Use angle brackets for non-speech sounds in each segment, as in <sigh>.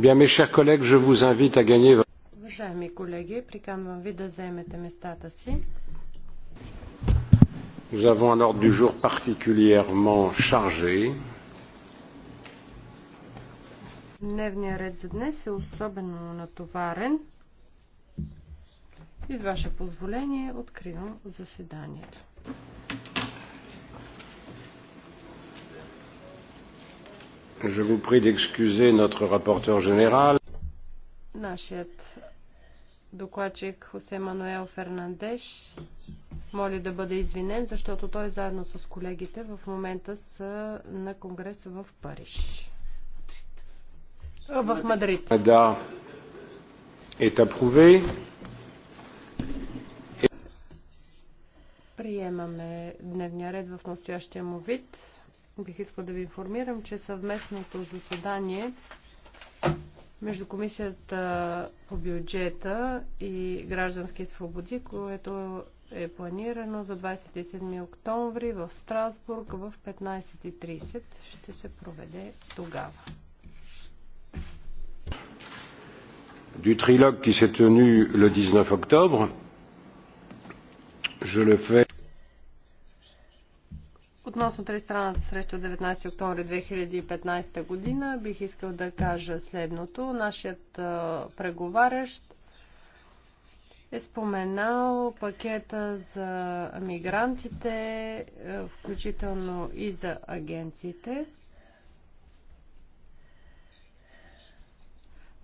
Bien, mes chers collègues, je vous invite à gagner... Уважаеми колеги, приканвам ви да заемете местата си. Nous avons un ordre du jour particulièrement chargé. Дневният ред за днес е особено натоварен. И с ваше позволение откривам заседанието. Je vous prie d'excuser notre rapporteur général. Нашият докладчик Хосе Мануел Фернандеш моли да бъде извинен, защото той заедно с колегите в момента са на конгрес в Париж. В Мадрид. Да. Е апруве. Приемаме дневния ред в настоящия му вид бих искал да ви информирам, че съвместното заседание между Комисията по бюджета и граждански свободи, което е планирано за 27 октомври в Страсбург в 15.30. Ще се проведе тогава. Du trilogue qui s'est tenu le 19 octobre, je le fais. Относно тристранната среща от 19 октомври 2015 година, бих искал да кажа следното. Нашият преговарящ е споменал пакета за мигрантите, включително и за агенциите.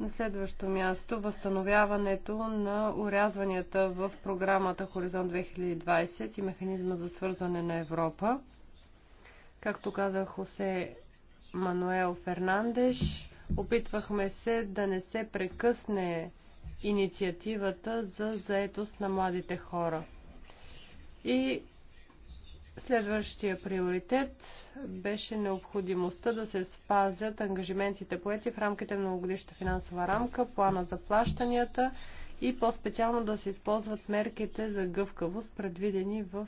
На следващо място възстановяването на урязванията в програмата Хоризонт 2020 и механизма за свързване на Европа. Както каза Хосе Мануел Фернандеш, опитвахме се да не се прекъсне инициативата за заетост на младите хора. И следващия приоритет беше необходимостта да се спазят ангажиментите поети в рамките на многогодишната финансова рамка, плана за плащанията и по-специално да се използват мерките за гъвкавост, предвидени в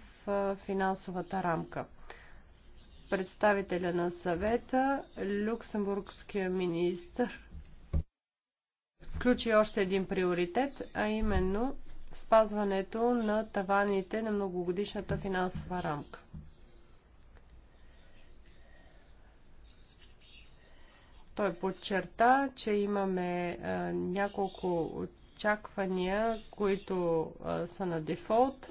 финансовата рамка представителя на съвета, люксембургския министр, включи още един приоритет, а именно спазването на таваните на многогодишната финансова рамка. Той подчерта, че имаме а, няколко очаквания, които а, са на дефолт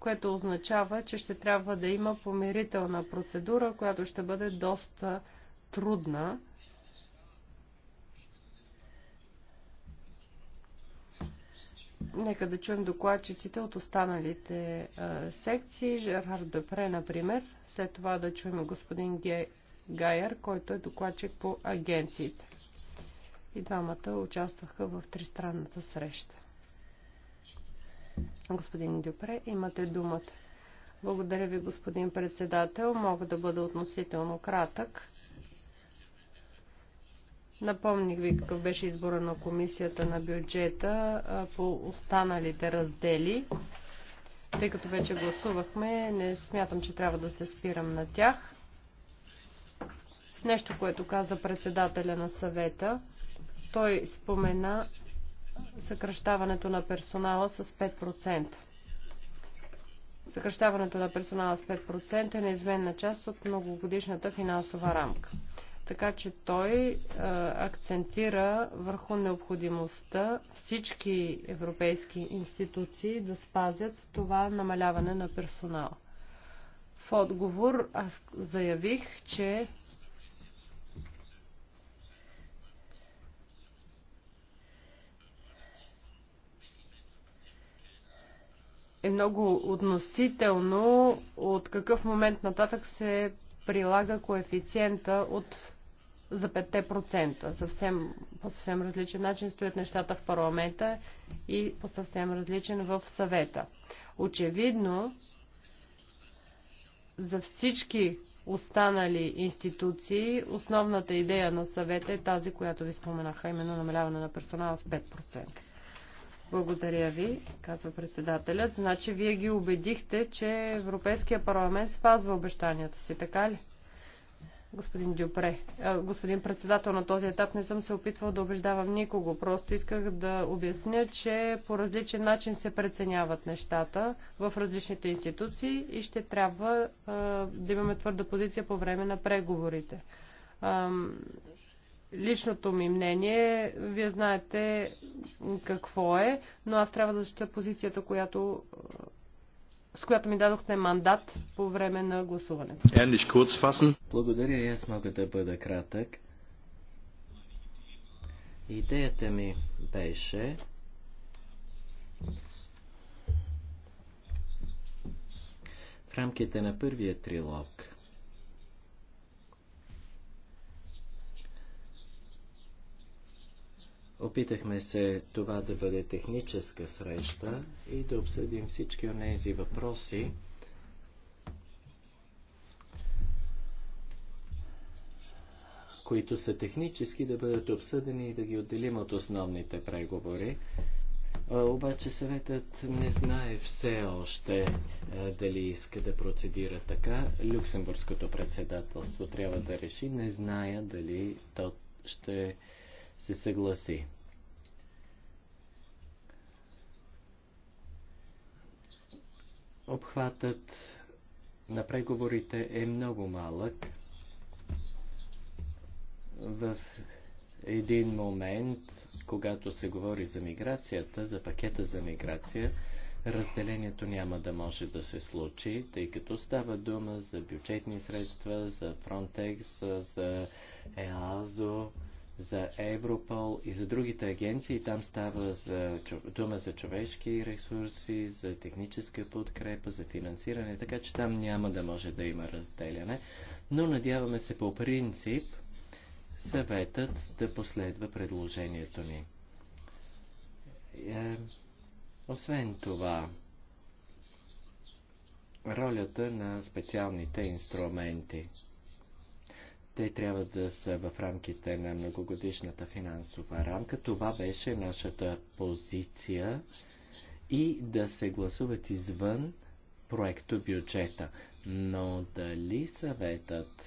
което означава, че ще трябва да има помирителна процедура, която ще бъде доста трудна. Нека да чуем докладчиците от останалите е, секции. Жерар Депре, например. След това да чуем господин Ге... Гайер, който е докладчик по агенциите. И двамата участваха в тристранната среща. Господин Дюпре, имате думата. Благодаря ви, господин председател. Мога да бъда относително кратък. Напомних ви какъв беше избора на комисията на бюджета по останалите раздели. Тъй като вече гласувахме, не смятам, че трябва да се спирам на тях. Нещо, което каза председателя на съвета, той спомена съкръщаването на персонала с 5%. Съкръщаването на персонала с 5% е неизменна част от многогодишната финансова рамка. Така че той е, акцентира върху необходимостта всички европейски институции да спазят това намаляване на персонала. В отговор аз заявих, че е много относително от какъв момент нататък се прилага коефициента от за 5%. Съвсем, по съвсем различен начин стоят нещата в парламента и по съвсем различен в съвета. Очевидно, за всички останали институции основната идея на съвета е тази, която ви споменаха, именно намаляване на персонала с 5%. Благодаря ви, казва председателят. Значи вие ги убедихте, че Европейския парламент спазва обещанията си, така ли? Господин Дюпре, господин председател, на този етап не съм се опитвал да убеждавам никого. Просто исках да обясня, че по различен начин се преценяват нещата в различните институции и ще трябва да имаме твърда позиция по време на преговорите личното ми мнение, вие знаете какво е, но аз трябва да защита позицията, която е, с която ми дадохте мандат по време на гласуването. Благодаря, и аз мога да бъда кратък. Идеята ми беше в рамките на първия трилог Опитахме се това да бъде техническа среща и да обсъдим всички от тези въпроси, които са технически да бъдат обсъдени и да ги отделим от основните преговори. Обаче съветът не знае все още дали иска да процедира така. Люксембургското председателство трябва да реши. Не зная дали то ще се съгласи. Обхватът на преговорите е много малък. В един момент, когато се говори за миграцията, за пакета за миграция, разделението няма да може да се случи, тъй като става дума за бюджетни средства, за Frontex, за EASO, за Европол и за другите агенции. Там става за, дума за човешки ресурси, за техническа подкрепа, за финансиране, така че там няма да може да има разделяне. Но надяваме се по принцип съветът да последва предложението ни. Е, освен това, ролята на специалните инструменти – те трябва да са в рамките на многогодишната финансова рамка. Това беше нашата позиция и да се гласуват извън проекто бюджета. Но дали съветът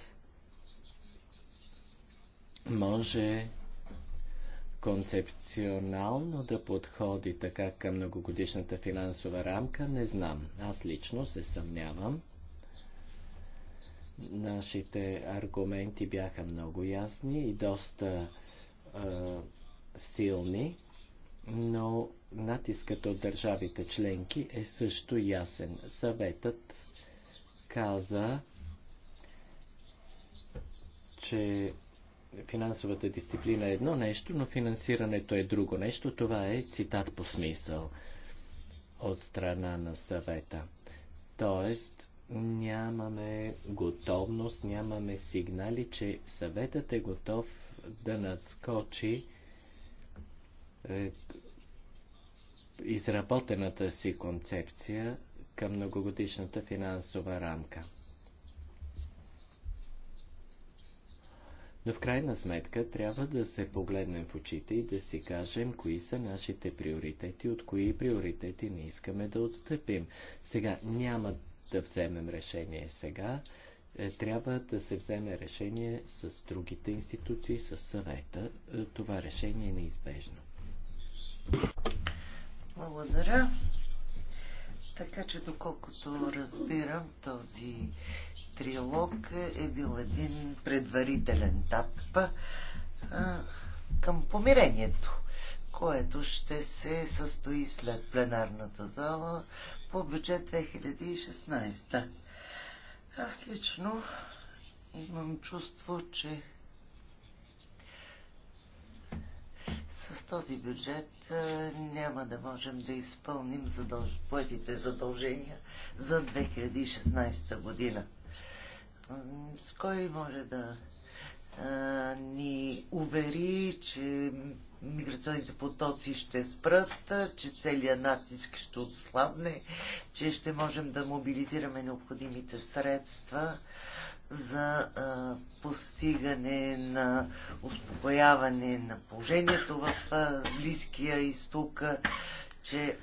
може концепционално да подходи така към многогодишната финансова рамка, не знам. Аз лично се съмнявам. Нашите аргументи бяха много ясни и доста а, силни, но натискът от държавите членки е също ясен. Съветът каза, че финансовата дисциплина е едно нещо, но финансирането е друго нещо. Това е цитат по смисъл от страна на съвета. Тоест, нямаме готовност, нямаме сигнали, че съветът е готов да надскочи е, изработената си концепция към многогодишната финансова рамка. Но в крайна сметка трябва да се погледнем в очите и да си кажем кои са нашите приоритети, от кои приоритети не искаме да отстъпим. Сега няма да вземем решение сега. Е, трябва да се вземе решение с другите институции, с съвета. Е, това решение е неизбежно. Благодаря. Така че, доколкото разбирам, този трилог е бил един предварителен етап към помирението, което ще се състои след пленарната зала по бюджет 2016. Аз лично имам чувство, че с този бюджет няма да можем да изпълним задълж... поетите задължения за 2016 година. С кой може да а, ни увери, че миграционните потоци ще спрат, че целият натиск ще отслабне, че ще можем да мобилизираме необходимите средства за а, постигане на успокояване на положението в а, Близкия изток, че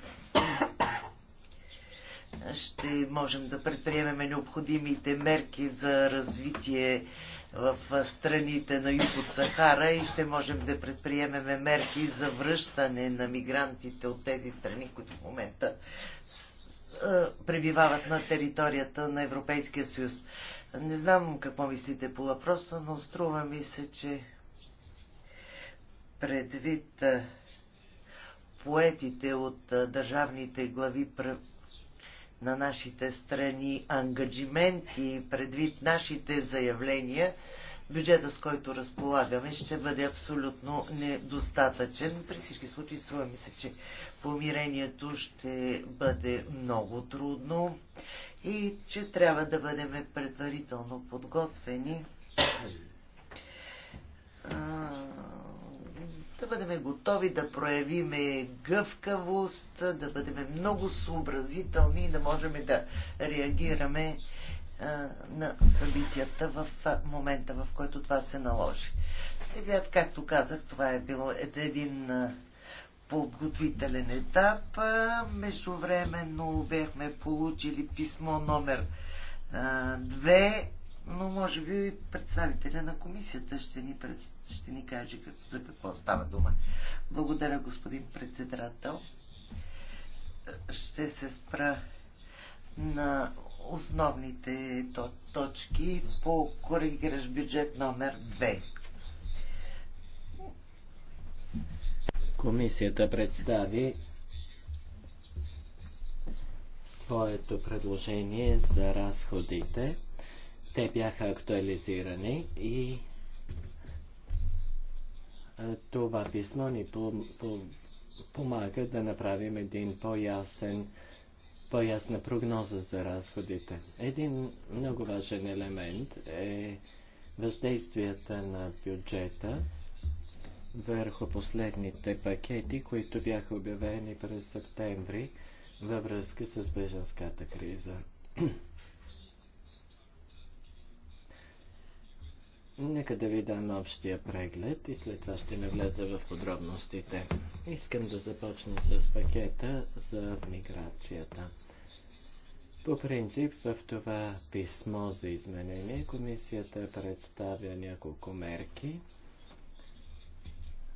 ще можем да предприемеме необходимите мерки за развитие в страните на юг от Сахара и ще можем да предприемеме мерки за връщане на мигрантите от тези страни, които в момента пребивават на територията на Европейския съюз. Не знам какво мислите по въпроса, но струва ми се, че предвид поетите от държавните глави на нашите страни ангажименти предвид нашите заявления, бюджета, с който разполагаме, ще бъде абсолютно недостатъчен. При всички случаи струва ми се, че помирението ще бъде много трудно и че трябва да бъдем предварително подготвени. А, бъдем готови да проявиме гъвкавост, да бъдем много съобразителни и да можем да реагираме на събитията в момента, в който това се наложи. Сега, както казах, това е бил един подготвителен етап. Междувременно бяхме получили писмо номер 2 но може би представителя на комисията ще ни, пред... ще ни каже за какво става дума. Благодаря, господин председател. Ще се спра на основните точки по коригираш бюджет номер 2. Комисията представи своето предложение за разходите. Те бяха актуализирани и това писмо ни по, по, помага да направим един по-ясен, по-ясна прогноза за разходите. Един много важен елемент е въздействията на бюджета върху последните пакети, които бяха обявени през септември във връзка с беженската криза. Нека да ви дам общия преглед и след това ще навлеза в подробностите. Искам да започна с пакета за миграцията. По принцип, в това писмо за изменение комисията представя няколко мерки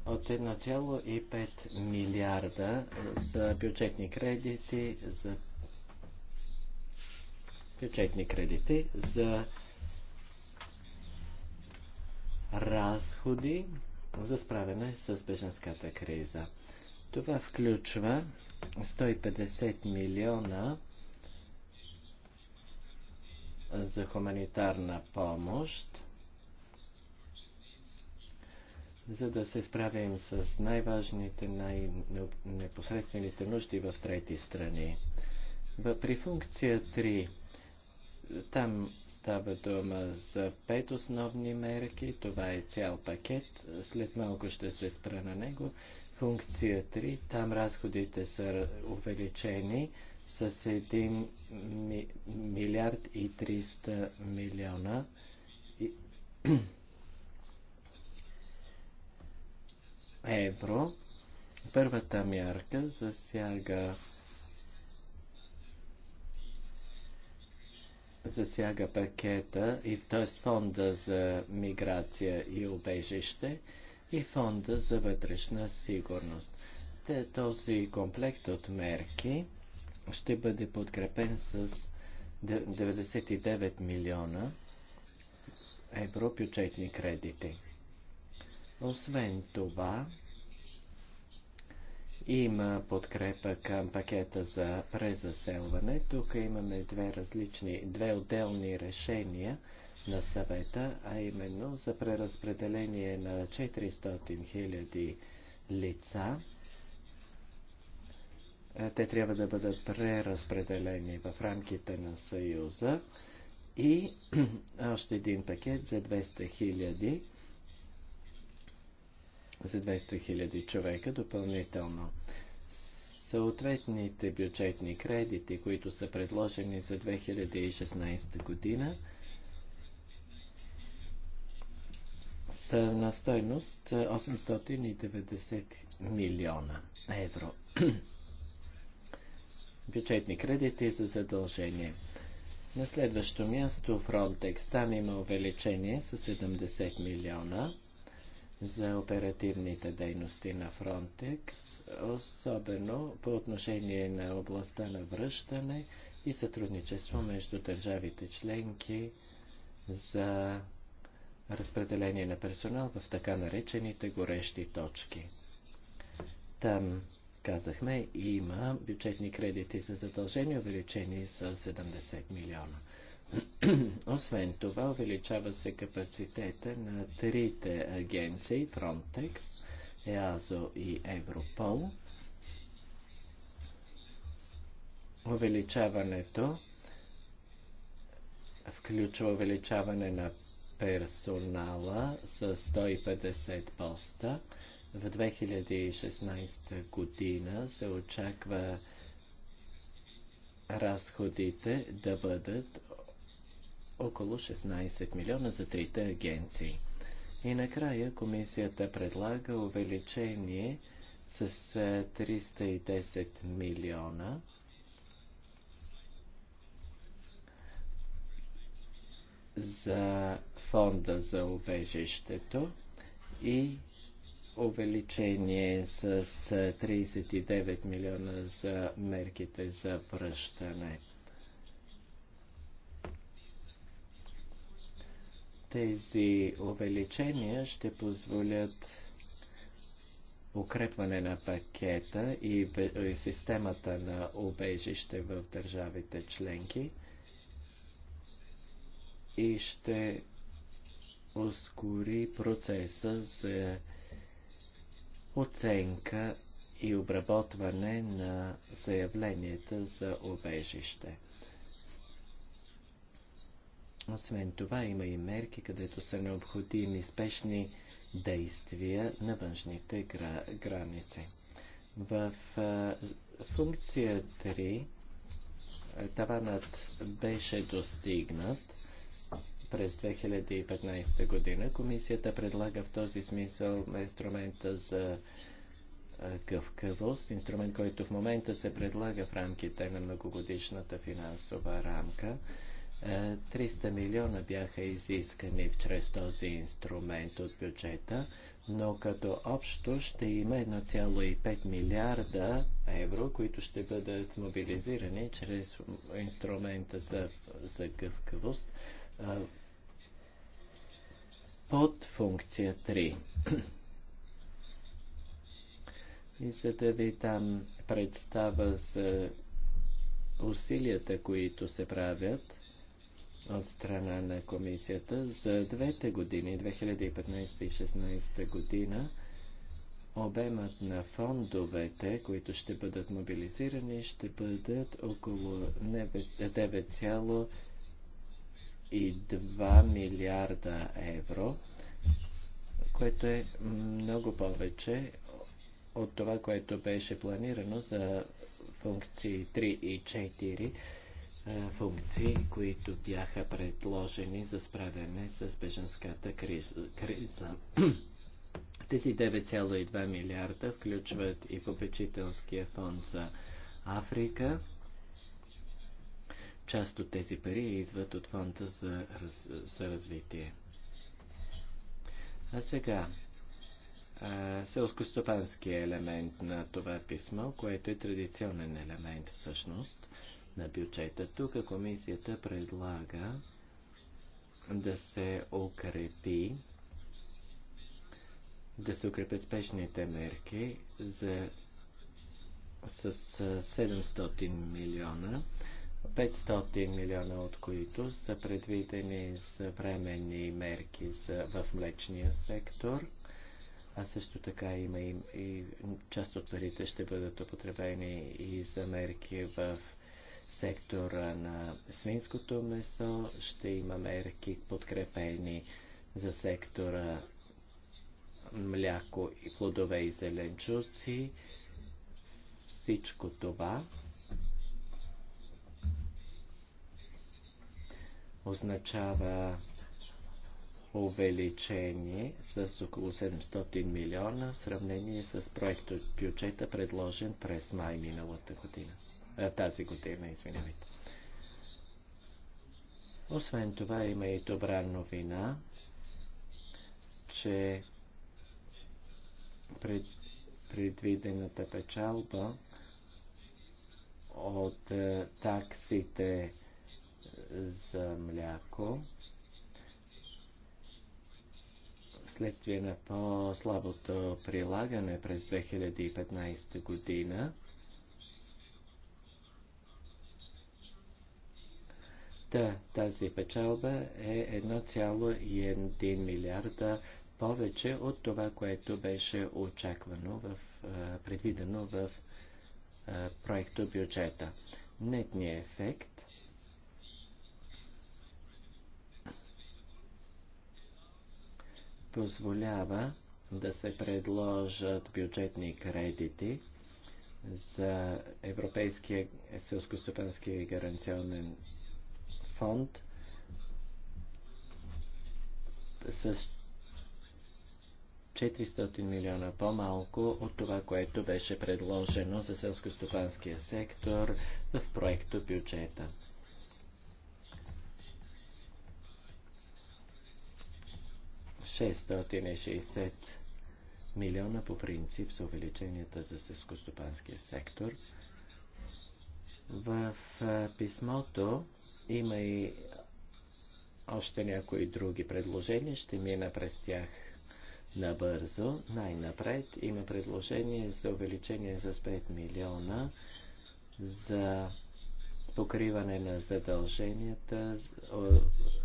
от 1,5 милиарда за бюджетни кредити, за бюджетни кредити, за разходи за справяне с беженската криза. Това включва 150 милиона за хуманитарна помощ, за да се справим с най-важните, най-непосредствените нужди в трети страни. При функция 3 там става дума за пет основни мерки. Това е цял пакет. След малко ще се спра на него. Функция 3. Там разходите са увеличени с 1 милиард и 300 милиона. <clears throat> евро. Първата мярка засяга засяга пакета, и т.е. фонда за миграция и убежище и фонда за вътрешна сигурност. Те, този комплект от мерки ще бъде подкрепен с 99 милиона евро бюджетни кредити. Освен това, има подкрепа към пакета за презаселване. Тук имаме две различни, две отделни решения на съвета, а именно за преразпределение на 400 000 лица. Те трябва да бъдат преразпределени в рамките на Съюза и <clears throat> още един пакет за 200 000 за 200 000 човека допълнително. Съответните бюджетни кредити, които са предложени за 2016 година, са на стойност 890 е, милиона евро. <clears throat> Бюджетни кредити за задължение. На следващо място Frontex. Там има увеличение с 70 милиона за оперативните дейности на Фронтекс, особено по отношение на областта на връщане и сътрудничество между държавите членки за разпределение на персонал в така наречените горещи точки. Там, казахме, има бюджетни кредити за задължения, увеличени с 70 милиона. <clears throat> Освен това, увеличава се капацитета на трите агенции Frontex, EASO и Европол. Увеличаването включва увеличаване на персонала с 150 поста. В 2016 година се очаква разходите да бъдат около 16 милиона за трите агенции. И накрая комисията предлага увеличение с 310 милиона за фонда за увежището и увеличение с 39 милиона за мерките за връщане. Тези увеличения ще позволят укрепване на пакета и системата на обежище в държавите членки и ще ускори процеса за оценка и обработване на заявленията за обежище. Освен това има и мерки, където са необходими спешни действия на външните гра... граници. В а, функция 3 таванът беше достигнат през 2015 година. Комисията предлага в този смисъл инструмента за гъвкавост, инструмент, който в момента се предлага в рамките на многогодишната финансова рамка. 300 милиона бяха изискани чрез този инструмент от бюджета, но като общо ще има 1,5 милиарда евро, които ще бъдат мобилизирани чрез инструмента за, за гъвкавост под функция 3. И за да ви дам представа за усилията, които се правят, от страна на комисията. За двете години, 2015 и 2016 година, обемът на фондовете, които ще бъдат мобилизирани, ще бъдат около 9,2 милиарда евро, което е много повече от това, което беше планирано за функции 3 и 4 е, функции, които бяха предложени за справяне с беженската криза. <clears throat> Тези 9,2 милиарда включват и попечителския фонд за Африка. Част от тези пари идват от фонда за, раз, за развитие. А сега, селскостопанския елемент на това писмо, което е традиционен елемент всъщност – на бюджета. Тук комисията предлага да се укрепи да се укрепят спешните мерки за, с 700 милиона, 500 милиона от които са предвидени за временни мерки за, в млечния сектор, а също така има и, и част от парите ще бъдат употребени и за мерки в сектора на свинското месо, ще има мерки подкрепени за сектора мляко и плодове и зеленчуци. Всичко това означава увеличение с около 700 милиона в сравнение с проектът бюджета, предложен през май миналата година тази година, извинявайте. Освен това има и добра новина, че пред, предвидената печалба от таксите за мляко вследствие на по-слабото прилагане през 2015 година Та, тази печалба е 1,1 милиарда повече от това, което беше очаквано, в, предвидено в проекто бюджета. Нетният ефект позволява да се предложат бюджетни кредити за Европейския селскостопански гаранционен фонд с 400 милиона по-малко от това, което беше предложено за селско селско-стопанския сектор в проекто бюджета. Шестстотин милиона по принцип са увеличенията за селскостопанския сектор – в писмото има и още някои други предложения. Ще мина през тях набързо. Най-напред има предложение за увеличение за 5 милиона за покриване на задълженията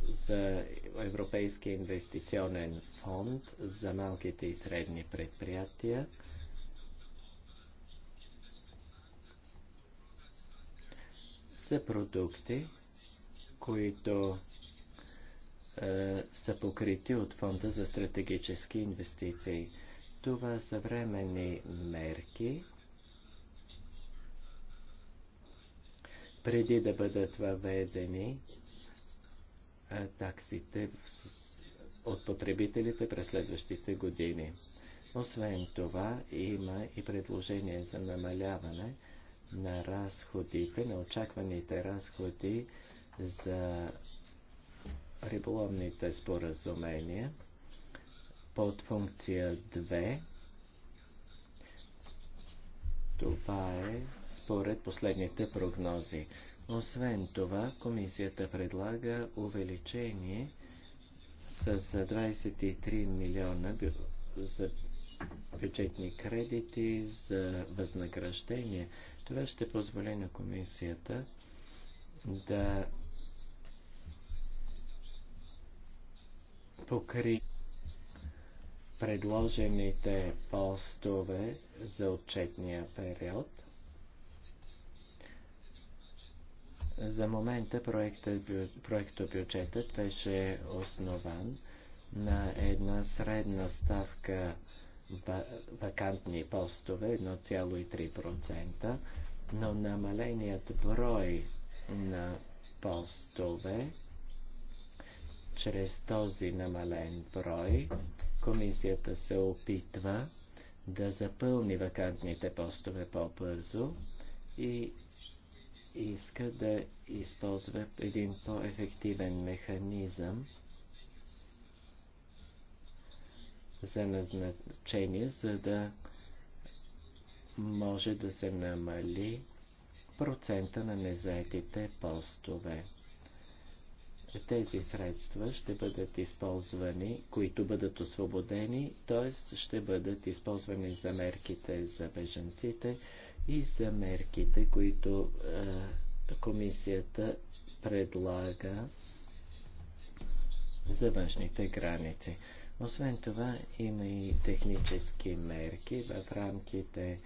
за Европейския инвестиционен фонд за малките и средни предприятия са продукти, които е, са покрити от Фонда за стратегически инвестиции. Това са временни мерки, преди да бъдат въведени е, таксите от потребителите през следващите години. Освен това, има и предложение за намаляване на разходите, на очакваните разходи за риболовните споразумения под функция 2. Това е според последните прогнози. Освен това, комисията предлага увеличение с 23 милиона за бюджетни кредити за възнаграждение. Това ще позволи на комисията да покри предложените постове за отчетния период. За момента проектобюджетът беше основан на една средна ставка вакантни постове 1,3%, но намаленият брой на постове чрез този намален брой комисията се опитва да запълни вакантните постове по-бързо и иска да използва един по-ефективен механизъм за назначение, за да може да се намали процента на незаетите постове. Тези средства ще бъдат използвани, които бъдат освободени, т.е. ще бъдат използвани за мерките за беженците и за мерките, които е, комисията предлага за външните граници. Освен това, има и технически мерки в рамките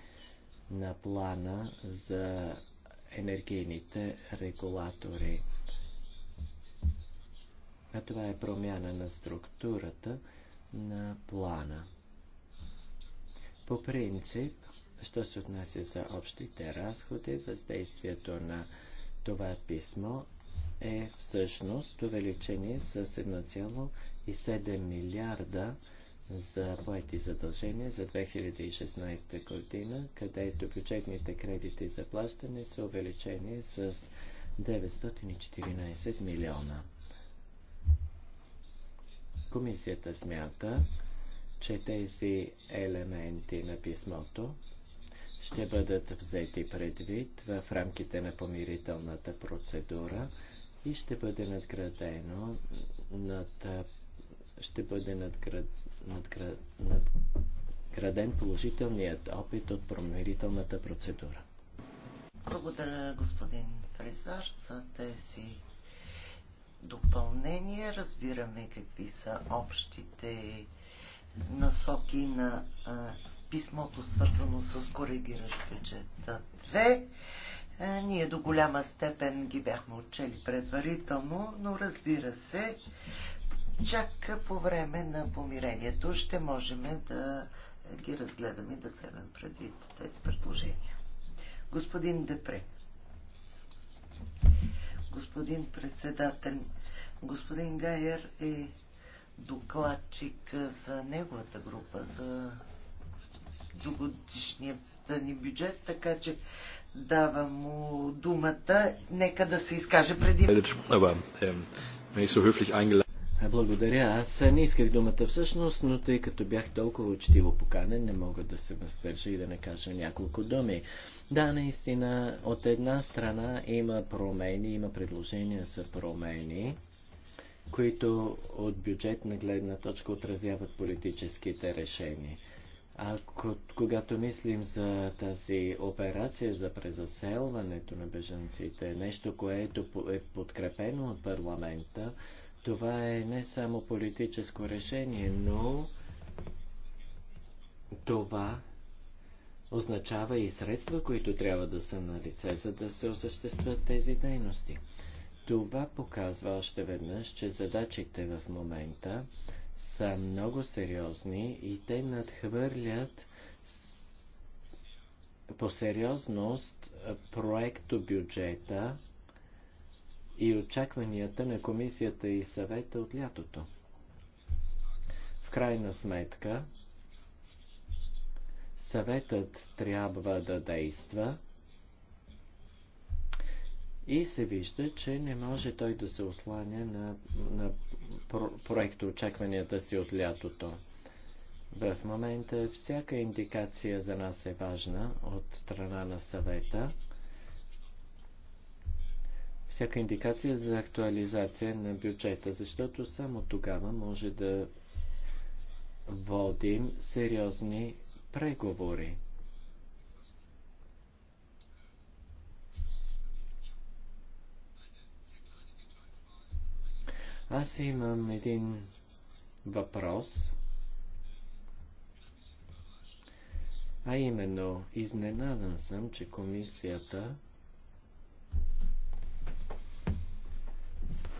на плана за енергийните регулатори. А това е промяна на структурата на плана. По принцип, що се отнася за общите разходи, въздействието на това писмо е всъщност увеличение с 7 милиарда за поети задължения за 2016 година, където бюджетните кредити за плащане са увеличени с 914 милиона. Комисията смята, че тези елементи на писмото ще бъдат взети предвид в рамките на помирителната процедура и ще бъде надградено над ще бъде надград, надград, надграден положителният опит от промерителната процедура. Благодаря, господин Фризар, за тези допълнения. Разбираме какви са общите насоки на а, писмото, свързано с коригиращ бюджет 2. ние до голяма степен ги бяхме отчели предварително, но разбира се, чак по време на помирението ще можем да ги разгледаме и да вземем предвид тези предложения. Господин Депре. Господин председател, господин Гайер е докладчик за неговата група, за догодишния ни бюджет, така че давам му думата. Нека да се изкаже преди. Е благодаря. Аз не исках думата всъщност, но тъй като бях толкова учтиво поканен, не мога да се въздържа и да не кажа няколко думи. Да, наистина, от една страна има промени, има предложения за промени, които от бюджетна гледна точка отразяват политическите решения. А когато мислим за тази операция за презаселването на бежанците, нещо, което е, е подкрепено от парламента, това е не само политическо решение, но това означава и средства, които трябва да са на лице, за да се осъществят тези дейности. Това показва още веднъж, че задачите в момента са много сериозни и те надхвърлят по сериозност проекто бюджета и очакванията на комисията и съвета от лятото. В крайна сметка, съветът трябва да действа и се вижда, че не може той да се осланя на, на проекта очакванията си от лятото. В момента всяка индикация за нас е важна от страна на съвета всяка индикация за актуализация на бюджета, защото само тогава може да водим сериозни преговори. Аз имам един въпрос, а именно изненадан съм, че комисията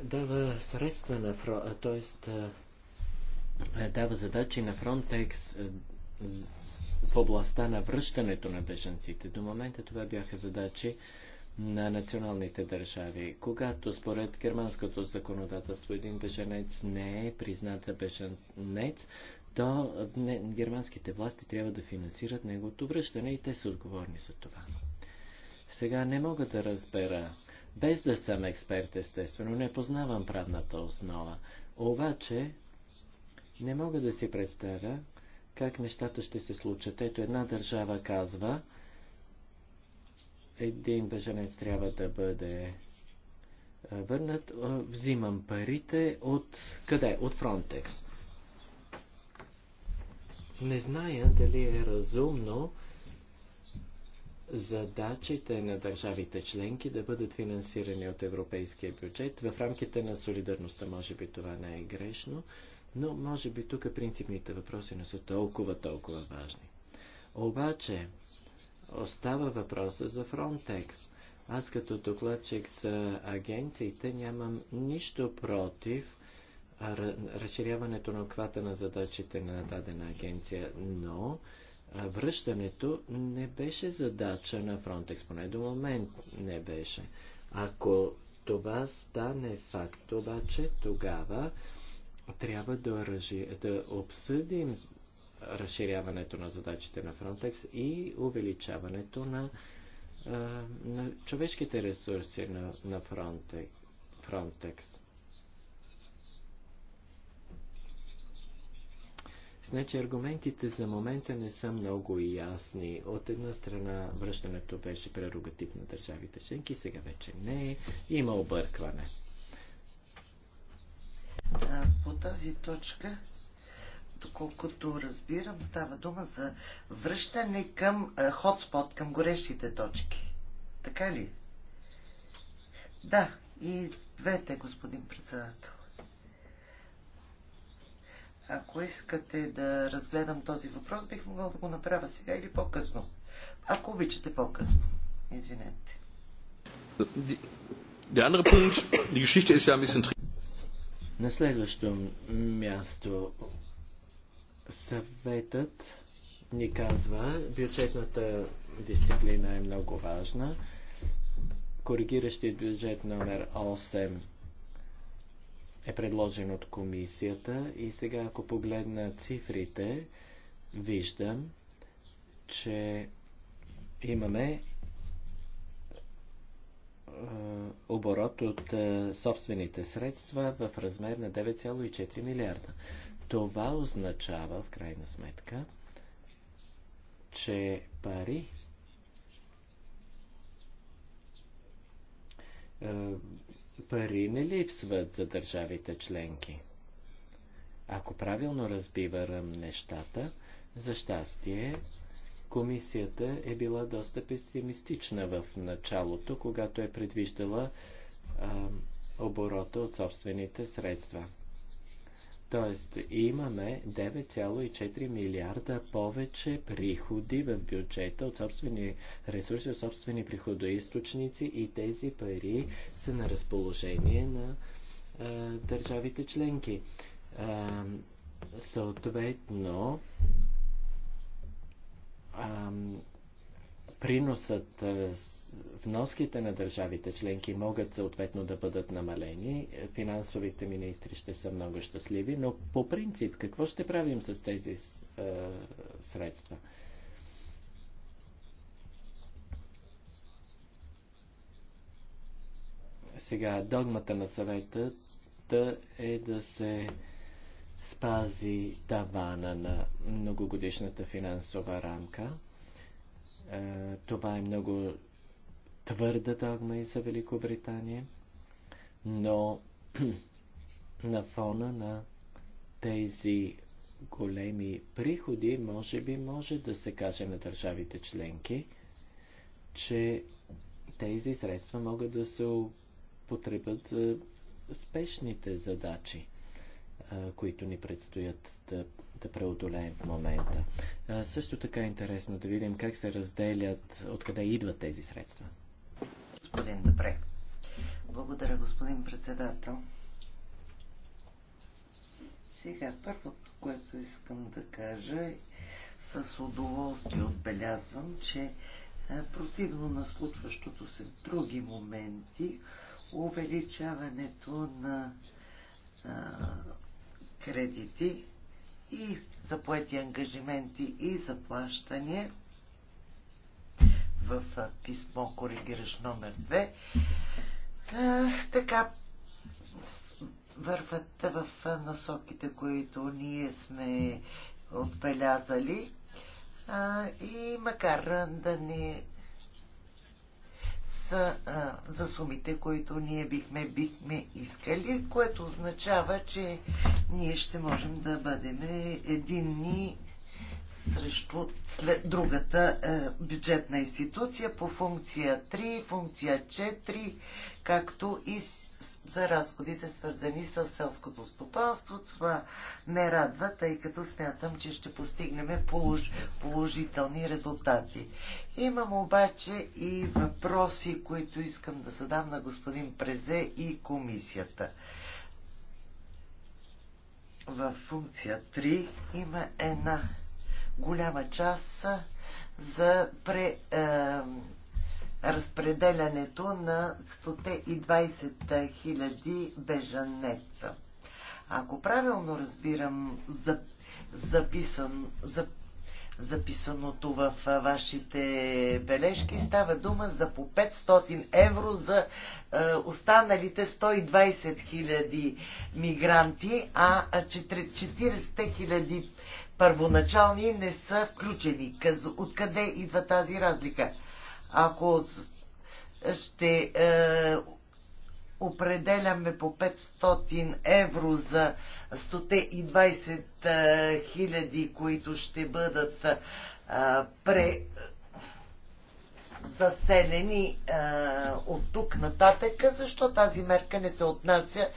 дава средства на фронт, т.е. дава задачи на Фронтекс в областта на връщането на беженците. До момента това бяха задачи на националните държави. Когато според германското законодателство един беженец не е признат за беженец, то не, германските власти трябва да финансират неговото връщане и те са отговорни за това. Сега не мога да разбера без да съм експерт, естествено, не познавам правната основа. Обаче, не мога да си представя как нещата ще се случат. Ето една държава казва, един беженец трябва да бъде върнат, взимам парите от къде? От Фронтекс. Не зная дали е разумно задачите на държавите членки да бъдат финансирани от европейския бюджет. В рамките на солидарността може би това не е грешно, но може би тук принципните въпроси не са толкова, толкова важни. Обаче, остава въпроса за Frontex. Аз като докладчик за агенциите нямам нищо против разширяването на обхвата на задачите на дадена агенция, но връщането не беше задача на Фронтекс, поне до момент не беше. Ако това стане факт, обаче тогава трябва да, ръжи, да обсъдим разширяването на задачите на Frontex и увеличаването на, на човешките ресурси на, на Frontex. Значи аргументите за момента не са много ясни. От една страна връщането беше прерогатив на държавите членки, сега вече не е. Има объркване. По тази точка, доколкото разбирам, става дума за връщане към хотспот, към горещите точки. Така ли? Да, и двете, господин председател. Ако искате да разгледам този въпрос, бих могъл да го направя сега или по-късно. Ако обичате по-късно. Извинете. На следващо място съветът ни казва, бюджетната дисциплина е много важна. Коригиращият бюджет номер 8 е предложен от комисията и сега ако погледна цифрите, виждам, че имаме е, оборот от е, собствените средства в размер на 9,4 милиарда. Това означава, в крайна сметка, че пари е, пари не липсват за държавите членки. Ако правилно разбивам нещата, за щастие, комисията е била доста песимистична в началото, когато е предвиждала а, оборота от собствените средства. Тоест, имаме 9,4 милиарда повече приходи в бюджета от собствени ресурси, от собствени приходоисточници и тези пари са на разположение на а, държавите членки. А, съответно, а, приносът, е, вноските на държавите членки могат съответно да бъдат намалени. Финансовите министри ще са много щастливи, но по принцип какво ще правим с тези е, средства? Сега, догмата на съвета е да се спази тавана на многогодишната финансова рамка – е, това е много твърда догма и за Великобритания, но <clears throat> на фона на тези големи приходи, може би може да се каже на държавите членки, че тези средства могат да се употребят за спешните задачи, е, които ни предстоят да, да преодолеем в момента. А, също така е интересно да видим как се разделят, откъде идват тези средства. Господин Добре. Благодаря, господин председател. Сега, първото, което искам да кажа, с удоволствие отбелязвам, че противно на случващото се в други моменти, увеличаването на а, кредити и за поети ангажименти и заплащания в писмо коригираш номер 2. А, така върват в насоките, които ние сме отбелязали. А, и макар да не са а, за сумите, които ние бихме, бихме искали, което означава, че ние ще можем да бъдем единни срещу след другата е, бюджетна институция по функция 3, функция 4, както и за разходите свързани с селското стопанство. Това ме радва, тъй като смятам, че ще постигнем полож, положителни резултати. Имам обаче и въпроси, които искам да задам на господин Презе и комисията в функция 3 има една голяма част за пре, е, разпределянето на 120 хиляди бежанеца. Ако правилно разбирам за, записан, за, записаното в вашите бележки, става дума за по 500 евро за е, останалите 120 хиляди мигранти, а 40 хиляди 000 първоначални не са включени. Откъде идва тази разлика? Ако ще е, определяме по 500 евро за 120 е, хиляди, които ще бъдат е, пре, заселени а, е, от тук нататък, защо тази мерка не се отнася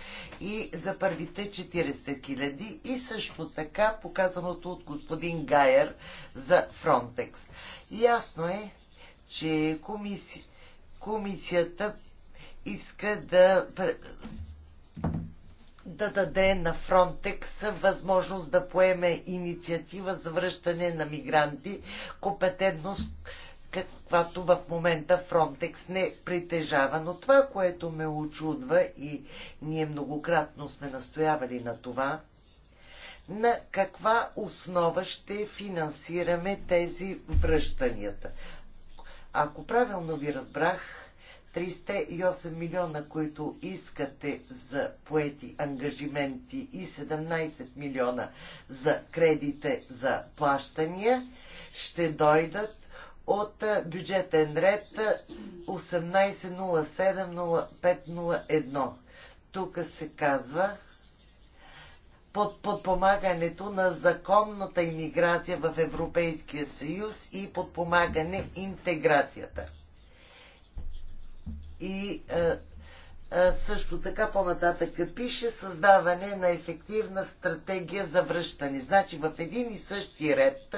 и за първите 40 хиляди и също така показаното от господин Гайер за Фронтекс. Ясно е, че комиси... комисията иска да да даде на Фронтекс възможност да поеме инициатива за връщане на мигранти, компетентност каквато в момента Фронтекс не притежава. Но това, което ме очудва и ние многократно сме настоявали на това, на каква основа ще финансираме тези връщанията. Ако правилно ви разбрах, 308 милиона, които искате за поети ангажименти и 17 милиона за кредите за плащания, ще дойдат от бюджетен ред 18070501. Тук се казва под подпомагането на законната иммиграция в Европейския съюз и подпомагане интеграцията. И е, също така по-нататък пише създаване на ефективна стратегия за връщане. Значи в един и същи ред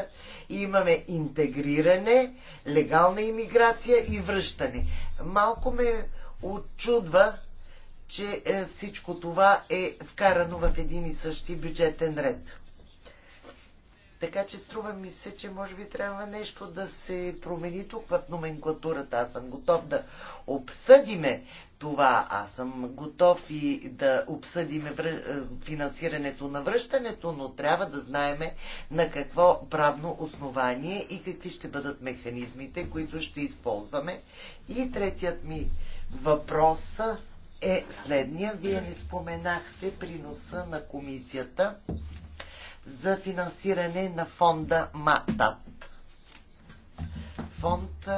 имаме интегриране, легална иммиграция и връщане. Малко ме очудва, че е, всичко това е вкарано в един и същи бюджетен ред. Така че струва ми се, че може би трябва нещо да се промени тук в номенклатурата. Аз съм готов да обсъдиме това. Аз съм готов и да обсъдиме е, финансирането на връщането, но трябва да знаеме на какво правно основание и какви ще бъдат механизмите, които ще използваме. И третият ми въпрос е следния. Вие не споменахте приноса на комисията за финансиране на фонда МАТАТ. Фонд,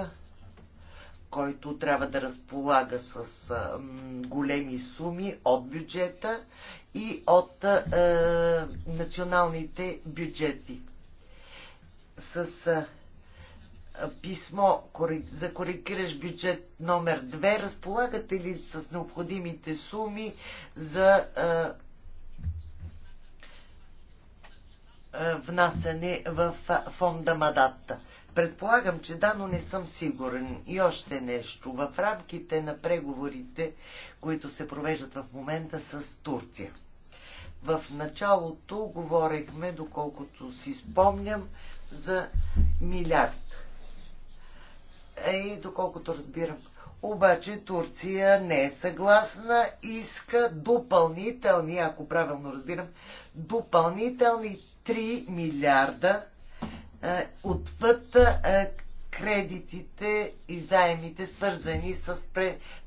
който трябва да разполага с големи суми от бюджета и от е, националните бюджети. С е, писмо за коригираш бюджет номер 2 разполагате ли с необходимите суми за е, Е, внасяне в фонда Мадатта. Предполагам, че да, но не съм сигурен. И още нещо. В рамките на преговорите, които се провеждат в момента с Турция. В началото говорехме, доколкото си спомням, за милиард. Е, и доколкото разбирам, обаче Турция не е съгласна, иска допълнителни, ако правилно разбирам, допълнителни 3 милиарда е, отвъд е, кредитите и заемите, свързани с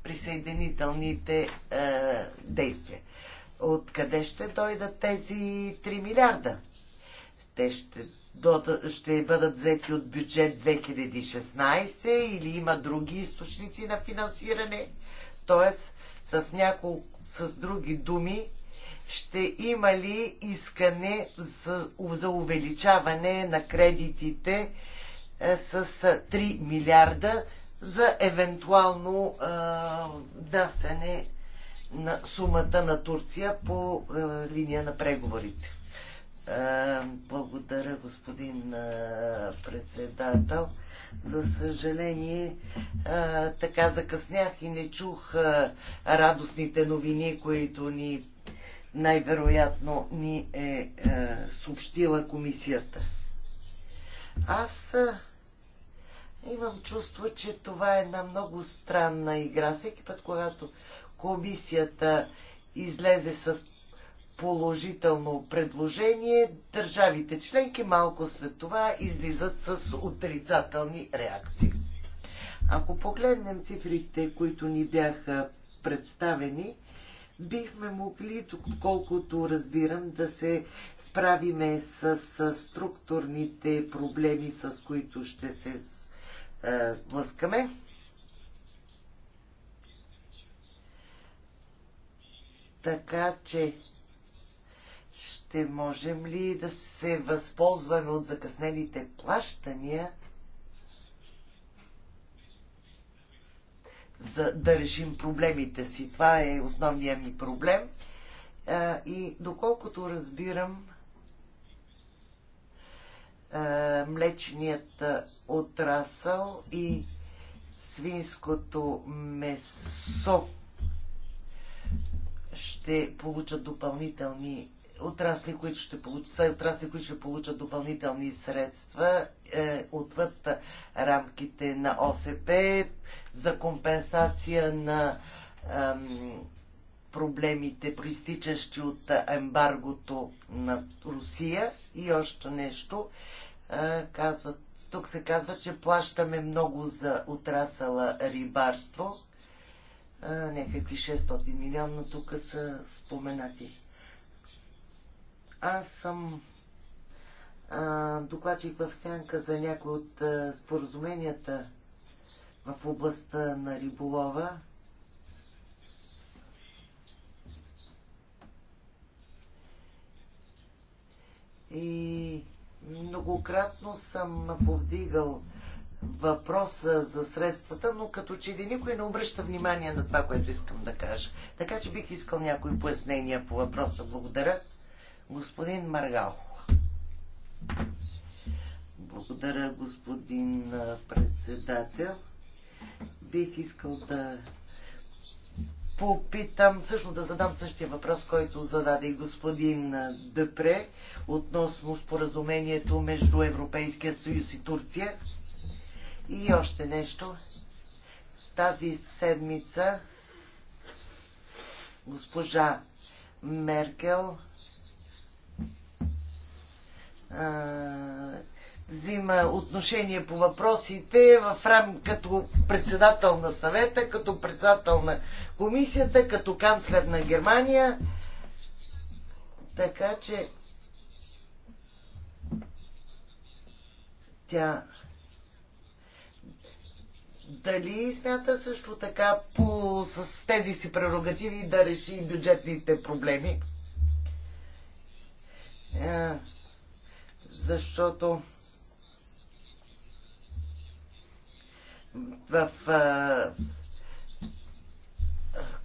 присъединителните е, действия. Откъде ще дойдат тези 3 милиарда? Те ще, ще бъдат взети от бюджет 2016 или има други източници на финансиране? Тоест, с, няколко, с други думи, ще има ли искане за, за увеличаване на кредитите е, с 3 милиарда за евентуално е, внасяне на сумата на Турция по е, линия на преговорите. благодаря, господин председател. За съжаление, а, така закъснях и не чух а, радостните новини, които ни най-вероятно ни е, е съобщила комисията. Аз е, имам чувство, че това е една много странна игра. Всеки път, когато комисията излезе с положително предложение, държавите членки малко след това излизат с отрицателни реакции. Ако погледнем цифрите, които ни бяха представени, бихме могли, доколкото разбирам, да се справиме с, с структурните проблеми, с които ще се е, блъскаме. Така че ще можем ли да се възползваме от закъснелите плащания, за да решим проблемите си. Това е основният ми проблем. И доколкото разбирам, млечният отрасъл и свинското месо ще получат допълнителни отрасли, които ще получат, са отрасли, които ще получат допълнителни средства е, отвъд рамките на ОСП за компенсация на ем, проблемите, проистичащи от ембаргото на Русия и още нещо. Е, казват, тук се казва, че плащаме много за отрасъла рибарство. Е, някакви 600 милиона тук са споменати аз съм а, докладчик в сянка за някои от а, споразуменията в областта на риболова. И многократно съм повдигал въпроса за средствата, но като че ли никой не обръща внимание на това, което искам да кажа. Така че бих искал някои пояснения по въпроса. Благодаря. Господин Маргал. Благодаря, господин председател. Бих искал да попитам, също да задам същия въпрос, който зададе господин Депре относно споразумението между Европейския съюз и Турция. И още нещо. Тази седмица госпожа Меркел взима отношение по въпросите в рам като председател на съвета, като председател на комисията, като канцлер на Германия. Така че тя дали смята също така по, с тези си прерогативи да реши бюджетните проблеми? защото в а,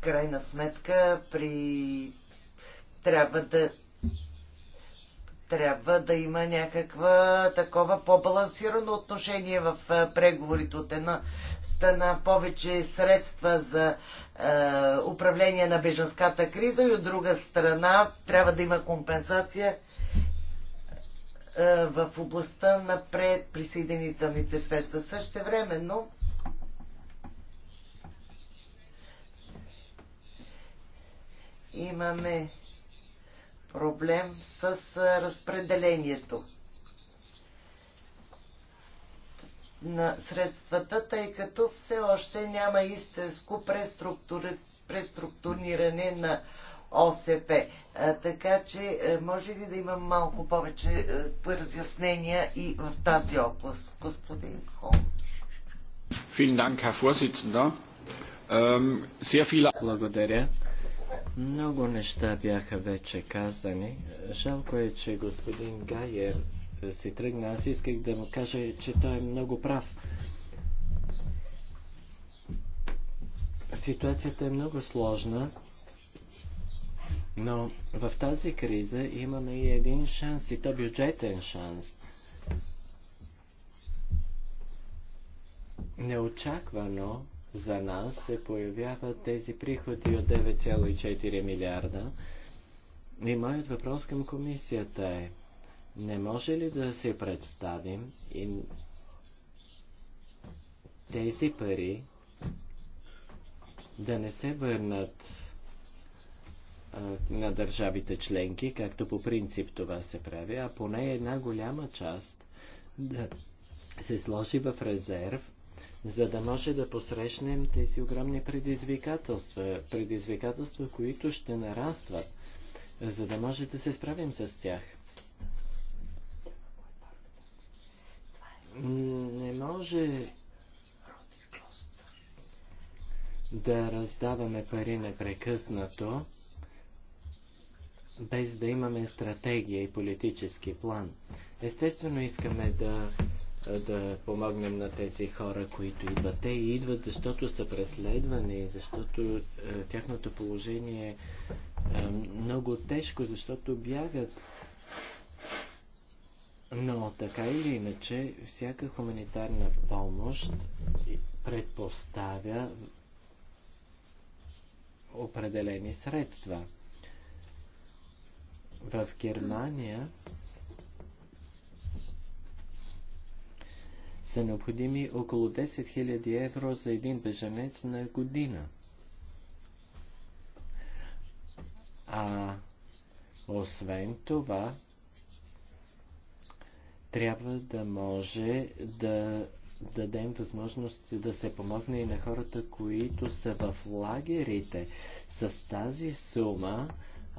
крайна сметка при трябва да трябва да има някаква такова по-балансирано отношение в преговорите от една страна повече средства за е, управление на беженската криза и от друга страна трябва да има компенсация е, в областта на предприсъединителните средства. Също времено имаме проблем с е, разпределението на средствата, тъй като все още няма истинско преструктуриране на ОСП. Така че може ли да имам малко повече разяснения и в тази област, господин Холм? Ähm, Благодаря. Много неща бяха вече казани. Жалко е, че господин Гайер е, си тръгна. Аз исках да му кажа, че той е много прав. Ситуацията е много сложна но в тази криза имаме и един шанс, и то бюджетен шанс. Неочаквано за нас се появяват тези приходи от 9,4 милиарда. И моят въпрос към комисията е, не може ли да се представим и тези пари да не се върнат на държавите членки, както по принцип това се прави, а поне една голяма част да се сложи в резерв, за да може да посрещнем тези огромни предизвикателства, предизвикателства, които ще нарастват, за да може да се справим с тях. Не може да раздаваме пари непрекъснато, без да имаме стратегия и политически план. Естествено искаме да, да помогнем на тези хора, които идват. Те идват, защото са преследвани, защото е, тяхното положение е, е много тежко, защото бягат. Но така или иначе, всяка хуманитарна помощ предпоставя определени средства. В Германия са необходими около 10 000 евро за един беженец на година. А освен това, трябва да може да дадем възможност да се помогне и на хората, които са в лагерите. С тази сума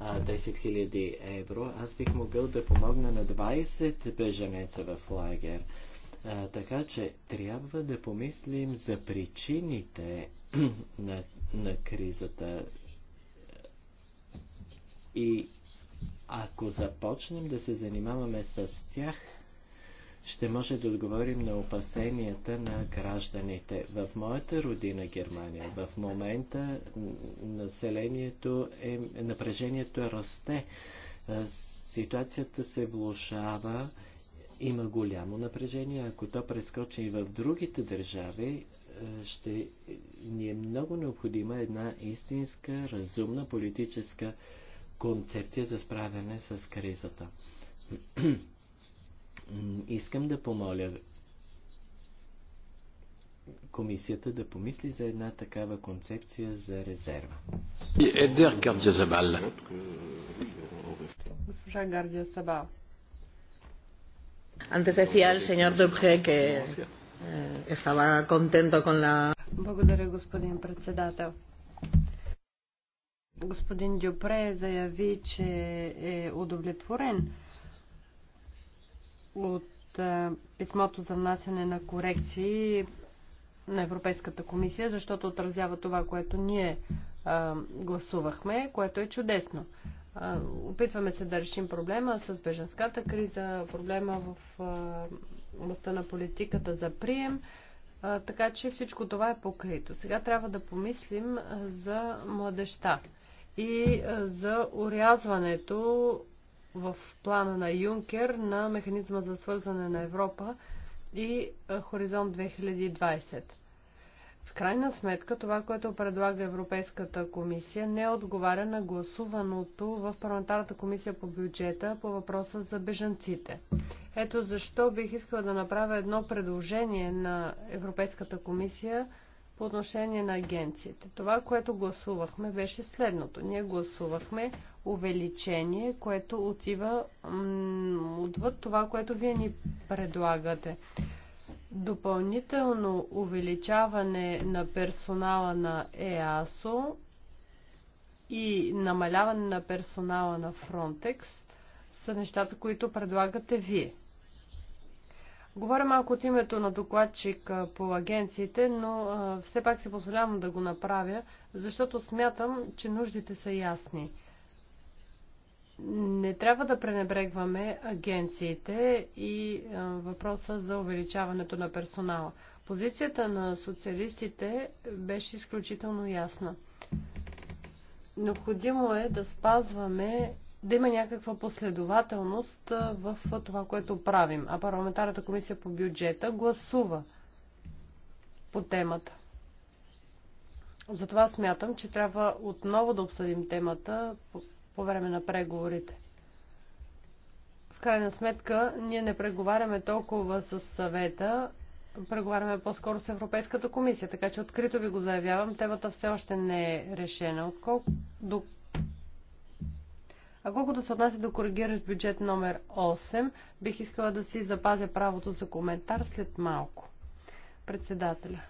10 000 евро, аз бих могъл да помогна на 20 беженеца в лагер. А, така че трябва да помислим за причините <clears throat> на, на кризата. И ако започнем да се занимаваме с тях, ще може да отговорим на опасенията на гражданите. В моята родина Германия в момента населението е, напрежението расте. Ситуацията се влушава, има голямо напрежение. Ако то прескочи и в другите държави, ще ни е много необходима една истинска, разумна политическа концепция за справяне с кризата. <clears throat> Искам да помоля комисията да помисли за една такава концепция за резерва. Едер Гардия Сабал. Госпожа Гардия Сабал. Antes decía el señor Dubje que eh, estaba contento con la... Благодаря, господин председател. Господин Дюпре заяви, че е удовлетворен от писмото за внасяне на корекции на Европейската комисия, защото отразява това, което ние а, гласувахме, което е чудесно. А, опитваме се да решим проблема с беженската криза, проблема в областта на политиката за прием, а, така че всичко това е покрито. Сега трябва да помислим за младеща и за урязването в плана на Юнкер на механизма за свързване на Европа и Хоризонт 2020. В крайна сметка това, което предлага Европейската комисия, не отговаря на гласуваното в парламентарната комисия по бюджета по въпроса за бежанците. Ето защо бих искала да направя едно предложение на Европейската комисия – по отношение на агенциите. Това, което гласувахме, беше следното. Ние гласувахме увеличение, което отива отвъд това, което вие ни предлагате. Допълнително увеличаване на персонала на ЕАСО и намаляване на персонала на Фронтекс са нещата, които предлагате вие. Говоря малко от името на докладчик по агенциите, но все пак си позволявам да го направя, защото смятам, че нуждите са ясни. Не трябва да пренебрегваме агенциите и въпроса за увеличаването на персонала. Позицията на социалистите беше изключително ясна. Необходимо е да спазваме да има някаква последователност в това, което правим. А парламентарната комисия по бюджета гласува по темата. Затова смятам, че трябва отново да обсъдим темата по, по време на преговорите. В крайна сметка, ние не преговаряме толкова с съвета, преговаряме по-скоро с Европейската комисия, така че открито ви го заявявам, темата все още не е решена. Отколко, а колкото се отнася до коригираш бюджет номер 8, бих искала да си запазя правото за коментар след малко. Председателя.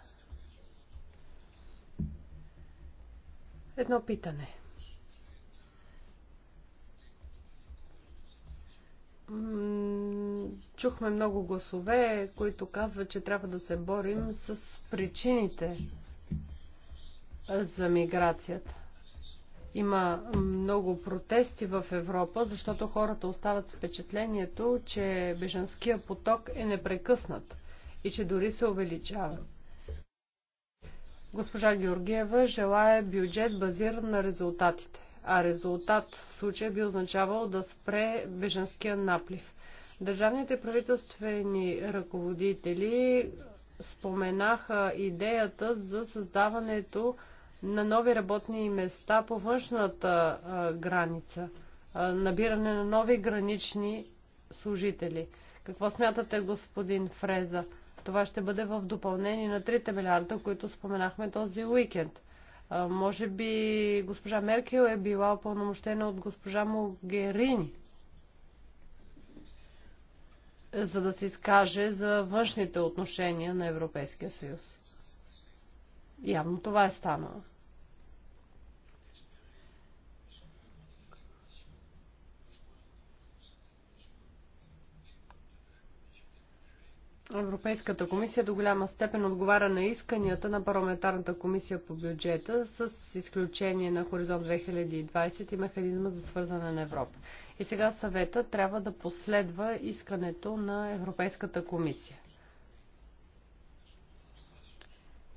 Едно питане. Чухме много гласове, които казват, че трябва да се борим с причините за миграцията. Има много протести в Европа, защото хората остават с впечатлението, че беженския поток е непрекъснат и че дори се увеличава. Госпожа Георгиева желая бюджет базиран на резултатите, а резултат в случая би означавал да спре беженския наплив. Държавните правителствени ръководители споменаха идеята за създаването на нови работни места по външната граница, набиране на нови гранични служители. Какво смятате, господин Фреза? Това ще бъде в допълнение на 3 милиарда, които споменахме този уикенд. Може би госпожа Меркел е била пълномощена от госпожа Могерини, за да се изкаже за външните отношения на Европейския съюз. Явно това е станало. Европейската комисия до голяма степен отговаря на исканията на парламентарната комисия по бюджета, с изключение на Хоризонт 2020 и механизма за свързане на Европа. И сега съвета трябва да последва искането на Европейската комисия.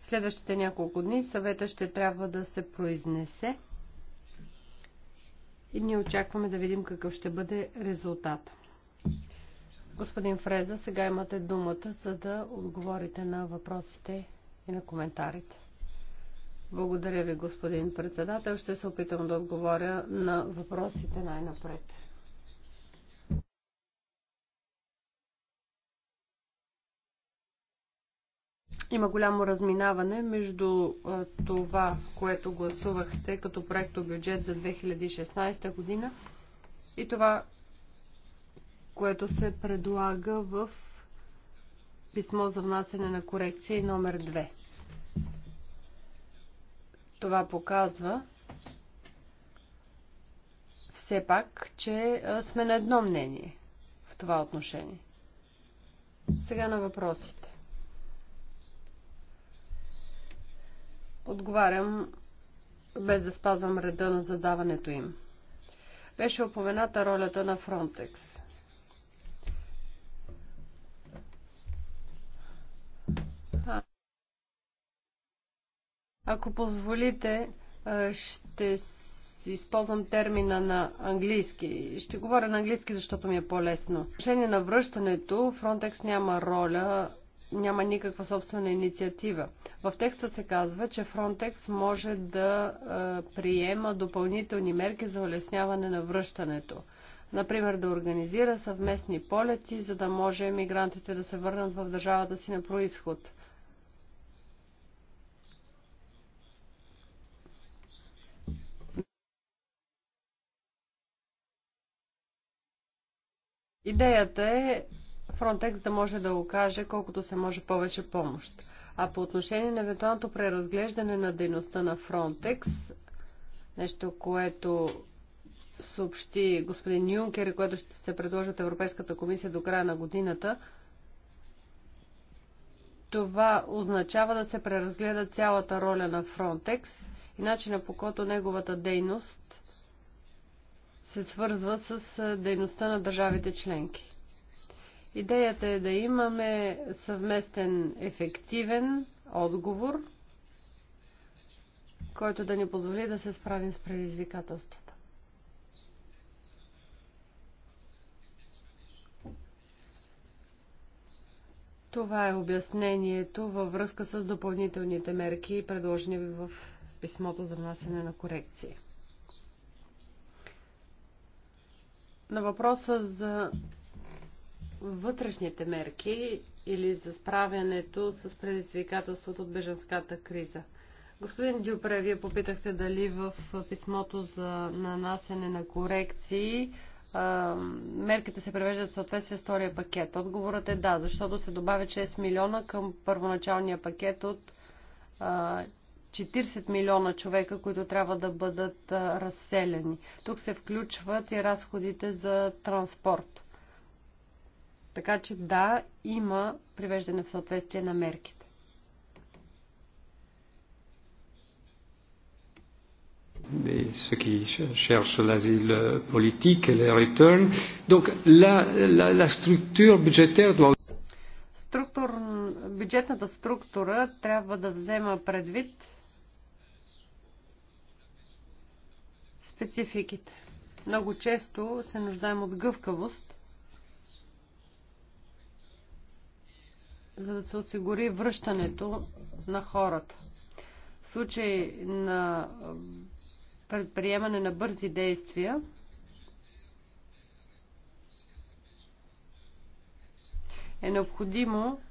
В следващите няколко дни съвета ще трябва да се произнесе и ние очакваме да видим какъв ще бъде резултатът. Господин Фреза, сега имате думата, за да отговорите на въпросите и на коментарите. Благодаря ви, господин председател. Ще се опитам да отговоря на въпросите най-напред. Има голямо разминаване между това, което гласувахте като проекто бюджет за 2016 година и това, което се предлага в писмо за внасяне на корекция и номер 2. Това показва все пак, че сме на едно мнение в това отношение. Сега на въпросите. Отговарям без да спазвам реда на задаването им. Беше опомената ролята на Фронтекс. Ако позволите, ще използвам термина на английски. Ще говоря на английски, защото ми е по-лесно. В Отношение на връщането, Frontex няма роля, няма никаква собствена инициатива. В текста се казва, че Frontex може да приема допълнителни мерки за улесняване на връщането. Например, да организира съвместни полети, за да може мигрантите да се върнат в държавата си на происход. Идеята е Фронтекс да може да окаже колкото се може повече помощ. А по отношение на евентуалното преразглеждане на дейността на Фронтекс, нещо, което съобщи господин Юнкер и което ще се предложи от Европейската комисия до края на годината, това означава да се преразгледа цялата роля на Фронтекс и начина по който неговата дейност се свързва с дейността на държавите членки. Идеята е да имаме съвместен ефективен отговор, който да ни позволи да се справим с предизвикателствата. Това е обяснението във връзка с допълнителните мерки, предложени ви в писмото за внасяне на корекции. На въпроса за вътрешните мерки или за справянето с предизвикателството от беженската криза. Господин Дюпре, вие попитахте дали в писмото за нанасене на корекции мерките се превеждат в съответствие с втория пакет. Отговорът е да, защото се добавя 6 милиона към първоначалния пакет от 40 милиона човека, които трябва да бъдат разселени. Тук се включват и разходите за транспорт. Така че да, има привеждане в съответствие на мерките. et ceux qui cherchent l'asile politique et les returns. Donc la, la, la structure budgétaire doit Структур, бюджетната structure, doit prendre en compte. спецификите. Много често се нуждаем от гъвкавост, за да се осигури връщането на хората. В случай на предприемане на бързи действия, е необходимо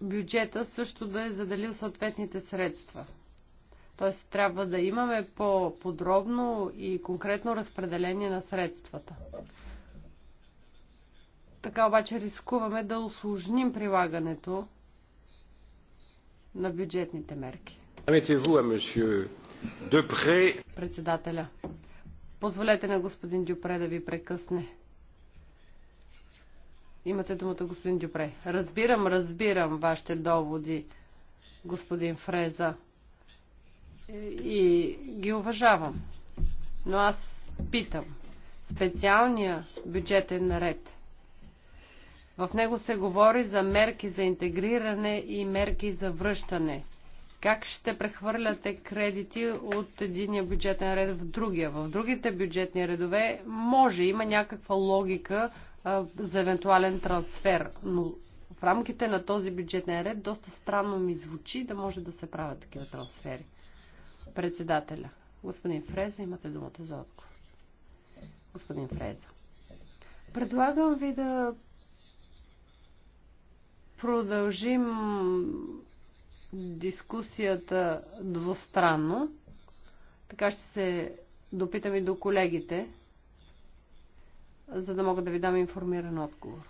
бюджета също да е заделил съответните средства. Т.е. трябва да имаме по-подробно и конкретно разпределение на средствата. Така обаче рискуваме да осложним прилагането на бюджетните мерки. Председателя, позволете на господин Дюпре да ви прекъсне. Имате думата, господин Дюпре. Разбирам, разбирам вашите доводи, господин Фреза и ги уважавам. Но аз питам, специалния бюджетен ред. В него се говори за мерки за интегриране и мерки за връщане. Как ще прехвърляте кредити от единия бюджетен ред в другия? В другите бюджетни редове може, има някаква логика а, за евентуален трансфер, но в рамките на този бюджетен ред доста странно ми звучи да може да се правят такива трансфери. Председателя. Господин Фреза, имате думата за отговор. Господин Фреза. Предлагам ви да продължим дискусията двустранно. Така ще се допитам и до колегите, за да мога да ви дам информиран отговор.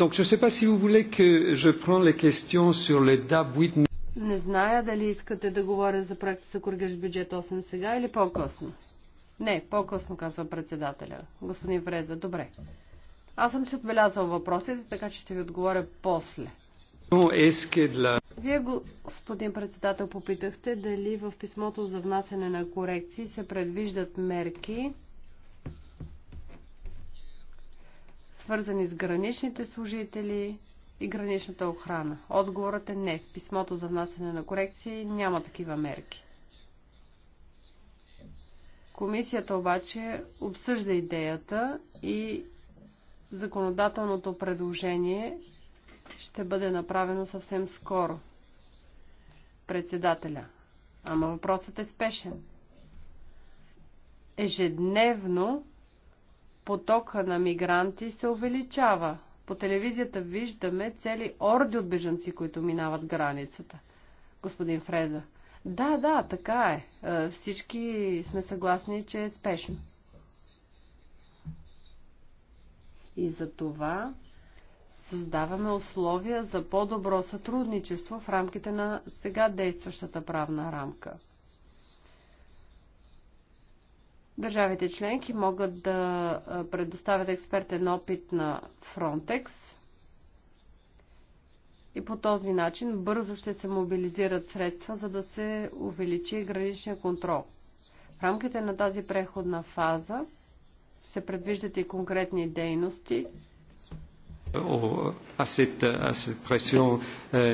Donc, je ne sais pas si vous voulez que je prenne les questions sur les DAB 8, не зная дали искате да говоря за проекта за коригаш бюджет 8 сега или по-късно. Не, по-късно, казва председателя. Господин Фреза, добре. Аз съм си отбелязал въпросите, така че ще ви отговоря после. Вие, господин председател, попитахте дали в писмото за внасяне на корекции се предвиждат мерки, свързани с граничните служители, и граничната охрана? Отговорът е не. В писмото за внасяне на корекции няма такива мерки. Комисията обаче обсъжда идеята и законодателното предложение ще бъде направено съвсем скоро. Председателя. Ама въпросът е спешен. Ежедневно потока на мигранти се увеличава. По телевизията виждаме цели орди от бежанци, които минават границата. Господин Фреза. Да, да, така е. е. Всички сме съгласни, че е спешно. И за това създаваме условия за по-добро сътрудничество в рамките на сега действащата правна рамка. Държавите членки могат да предоставят експертен опит на Frontex и по този начин бързо ще се мобилизират средства, за да се увеличи граничния контрол. В рамките на тази преходна фаза се предвиждат и конкретни дейности, oh, euh,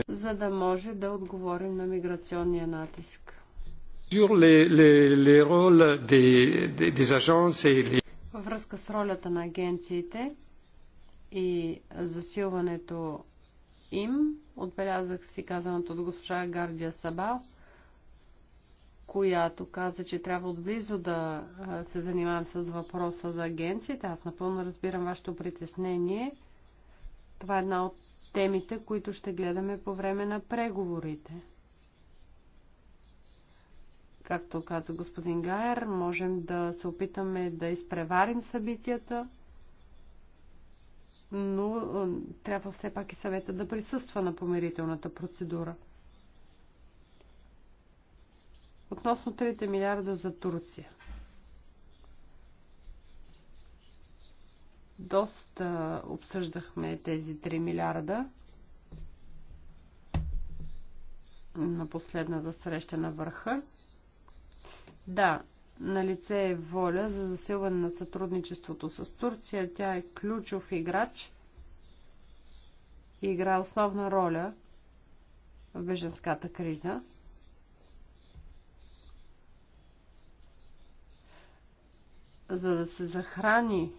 за да може да отговорим на миграционния натиск. Sur les, les, les rôles des, des, des agences et les... Във връзка с ролята на агенциите и засилването им, отбелязах си казаното от госпожа Гардия Сабал, която каза, че трябва отблизо да се занимавам с въпроса за агенциите. Аз напълно разбирам вашето притеснение. Това е една от темите, които ще гледаме по време на преговорите. Както каза господин Гайер, можем да се опитаме да изпреварим събитията, но е, трябва все пак и съвета да присъства на помирителната процедура. Относно 3 милиарда за Турция. Доста обсъждахме тези 3 милиарда на последната среща на върха. Да, на лице е воля за засилване на сътрудничеството с Турция. Тя е ключов играч и игра основна роля в беженската криза. За да се захрани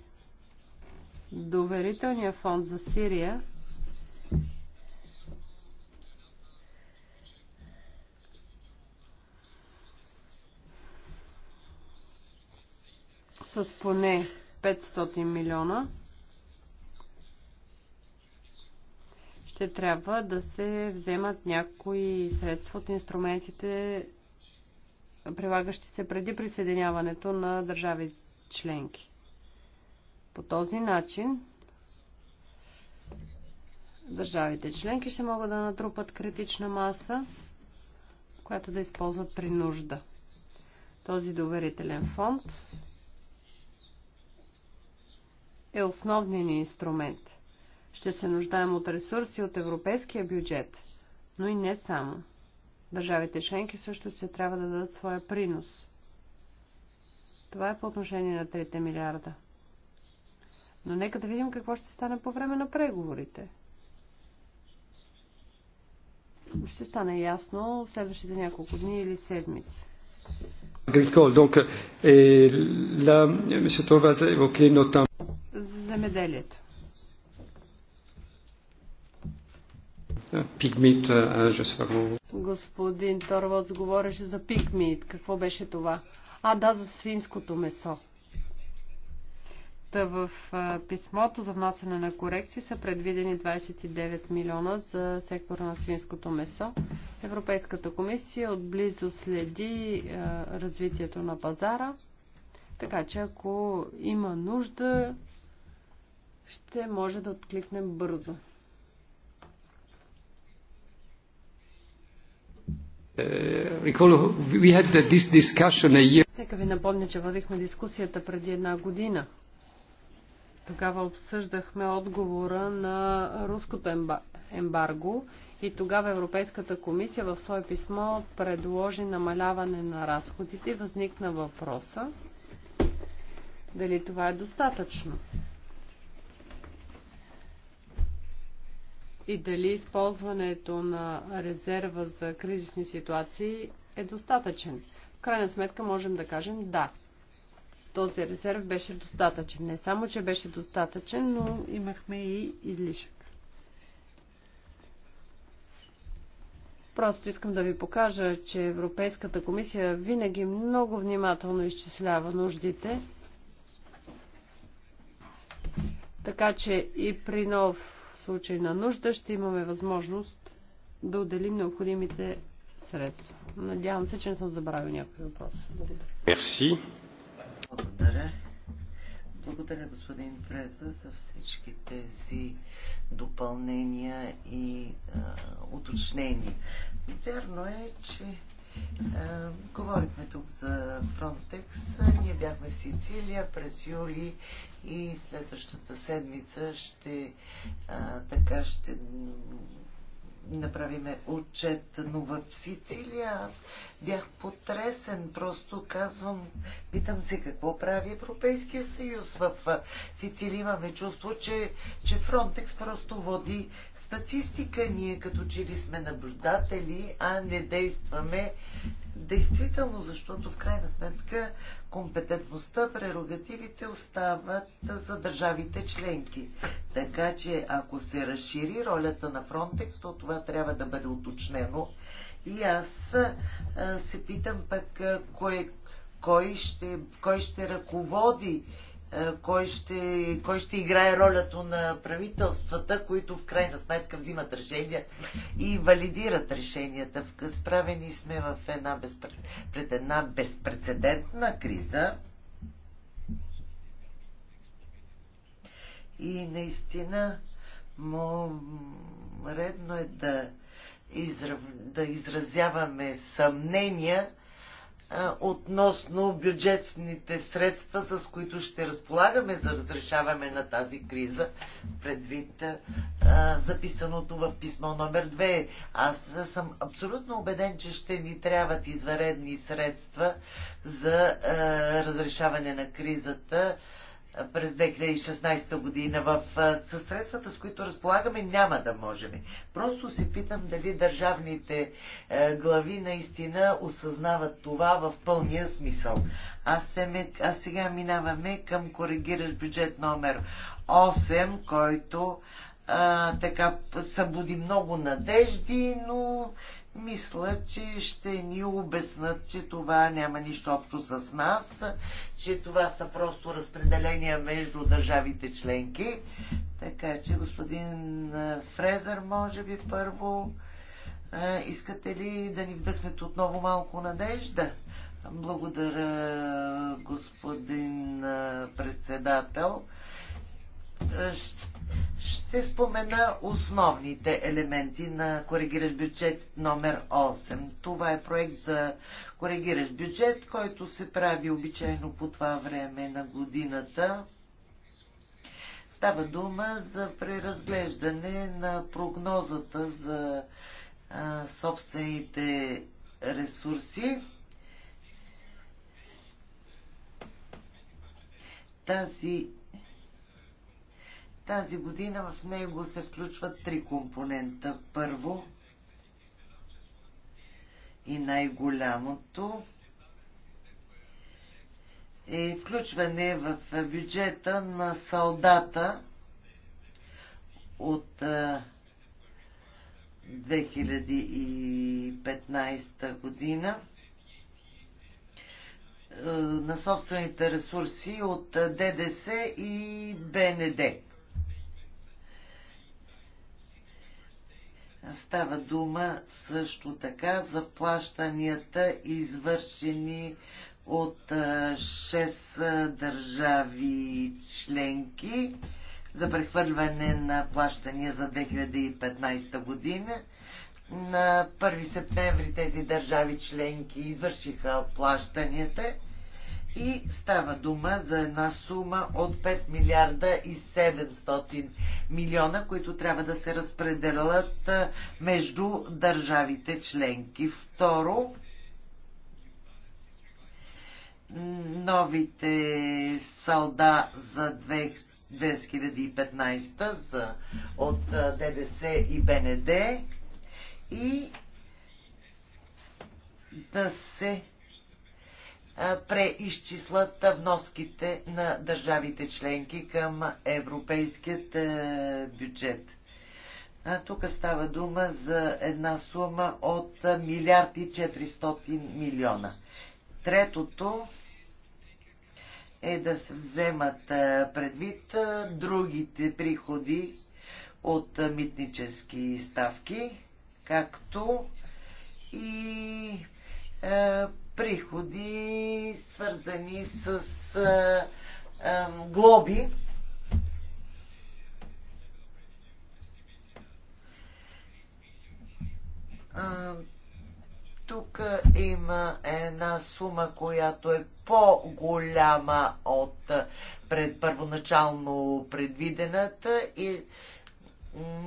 доверителния фонд за Сирия, с поне 500 милиона, ще трябва да се вземат някои средства от инструментите, прилагащи се преди присъединяването на държави членки. По този начин държавите членки ще могат да натрупат критична маса, която да използват при нужда. Този доверителен фонд е основният ни инструмент. Ще се нуждаем от ресурси от европейския бюджет, но и не само. Държавите членки също се трябва да дадат своя принос. Това е по отношение на 3 милиарда. Но нека да видим какво ще стане по време на преговорите. Ще стане ясно следващите няколко дни или седмици. Agricole. Donc, euh, et là, M. Torvalds a évoqué notamment земеделието. Пигмит, Господин Торвоц говореше за пигмит. Какво беше това? А, да, за свинското месо. Та в писмото за внасяне на корекции са предвидени 29 милиона за сектора на свинското месо. Европейската комисия отблизо следи развитието на пазара, така че ако има нужда, ще може да откликнем бързо. Е, Нека ви напомня, че водихме дискусията преди една година. Тогава обсъждахме отговора на руското ембарго и тогава Европейската комисия в свое писмо предложи намаляване на разходите и възникна въпроса дали това е достатъчно. и дали използването на резерва за кризисни ситуации е достатъчен. В крайна сметка можем да кажем да. Този резерв беше достатъчен. Не само, че беше достатъчен, но имахме и излишък. Просто искам да ви покажа, че Европейската комисия винаги много внимателно изчислява нуждите. Така че и при нов случай на нужда ще имаме възможност да отделим необходимите средства. Надявам се, че не съм забравил някой въпрос. Благодаря. Благодаря. Благодаря, господин Преза, за всички тези допълнения и а, уточнения. Вярно е, че е, говорихме тук за Фронтекс. Ние бяхме в Сицилия през юли и следващата седмица ще а, е, така ще направиме отчет, но в Сицилия аз бях потресен, просто казвам, питам се какво прави Европейския съюз. В е, Сицилия имаме чувство, че, че Фронтекс просто води статистика, ние като че ли сме наблюдатели, а не действаме действително, защото в крайна сметка компетентността, прерогативите остават за държавите членки. Така че ако се разшири ролята на Фронтекс, то това трябва да бъде уточнено. И аз се питам пък кой, кой, ще, кой ще ръководи е, кой ще, кой ще играе ролята на правителствата, които в крайна сметка взимат решения и валидират решенията. Справени сме в една пред една безпредседентна криза. И наистина му, редно е да, израв... да изразяваме съмнения относно бюджетните средства, с които ще разполагаме за разрешаване на тази криза, предвид записаното в писмо номер 2. Аз съм абсолютно убеден, че ще ни трябват изваредни средства за разрешаване на кризата през 2016 година в, със средствата, с които разполагаме, няма да можем. Просто се питам дали държавните е, глави наистина осъзнават това в пълния смисъл. А, сега минаваме към коригираш бюджет номер 8, който а, така събуди много надежди, но мисля, че ще ни обяснат, че това няма нищо общо с нас, че това са просто разпределения между държавите членки. Така че господин Фрезер, може би първо а, искате ли да ни вдъхнете отново малко надежда? Благодаря, господин председател. Ще ще спомена основните елементи на коригиращ бюджет номер 8. Това е проект за коригиращ бюджет, който се прави обичайно по това време на годината. Става дума за преразглеждане на прогнозата за а, собствените ресурси. Тази тази година в него се включват три компонента. Първо и най-голямото е включване в бюджета на солдата от 2015 година на собствените ресурси от ДДС и БНД. Става дума също така за плащанията, извършени от 6 държави членки за прехвърляне на плащания за 2015 година. На 1 септември тези държави членки извършиха плащанията и става дума за една сума от 5 милиарда и 700 милиона, които трябва да се разпределят между държавите членки. Второ, новите салда за 2015 за, от ДДС и БНД и да се преизчислят вноските на държавите членки към европейският е, бюджет. тук става дума за една сума от милиарди 400 милиона. Третото е да се вземат е, предвид е, другите приходи от митнически ставки, както и приходи, свързани с а, а, глоби. тук има една сума, която е по-голяма от пред първоначално предвидената и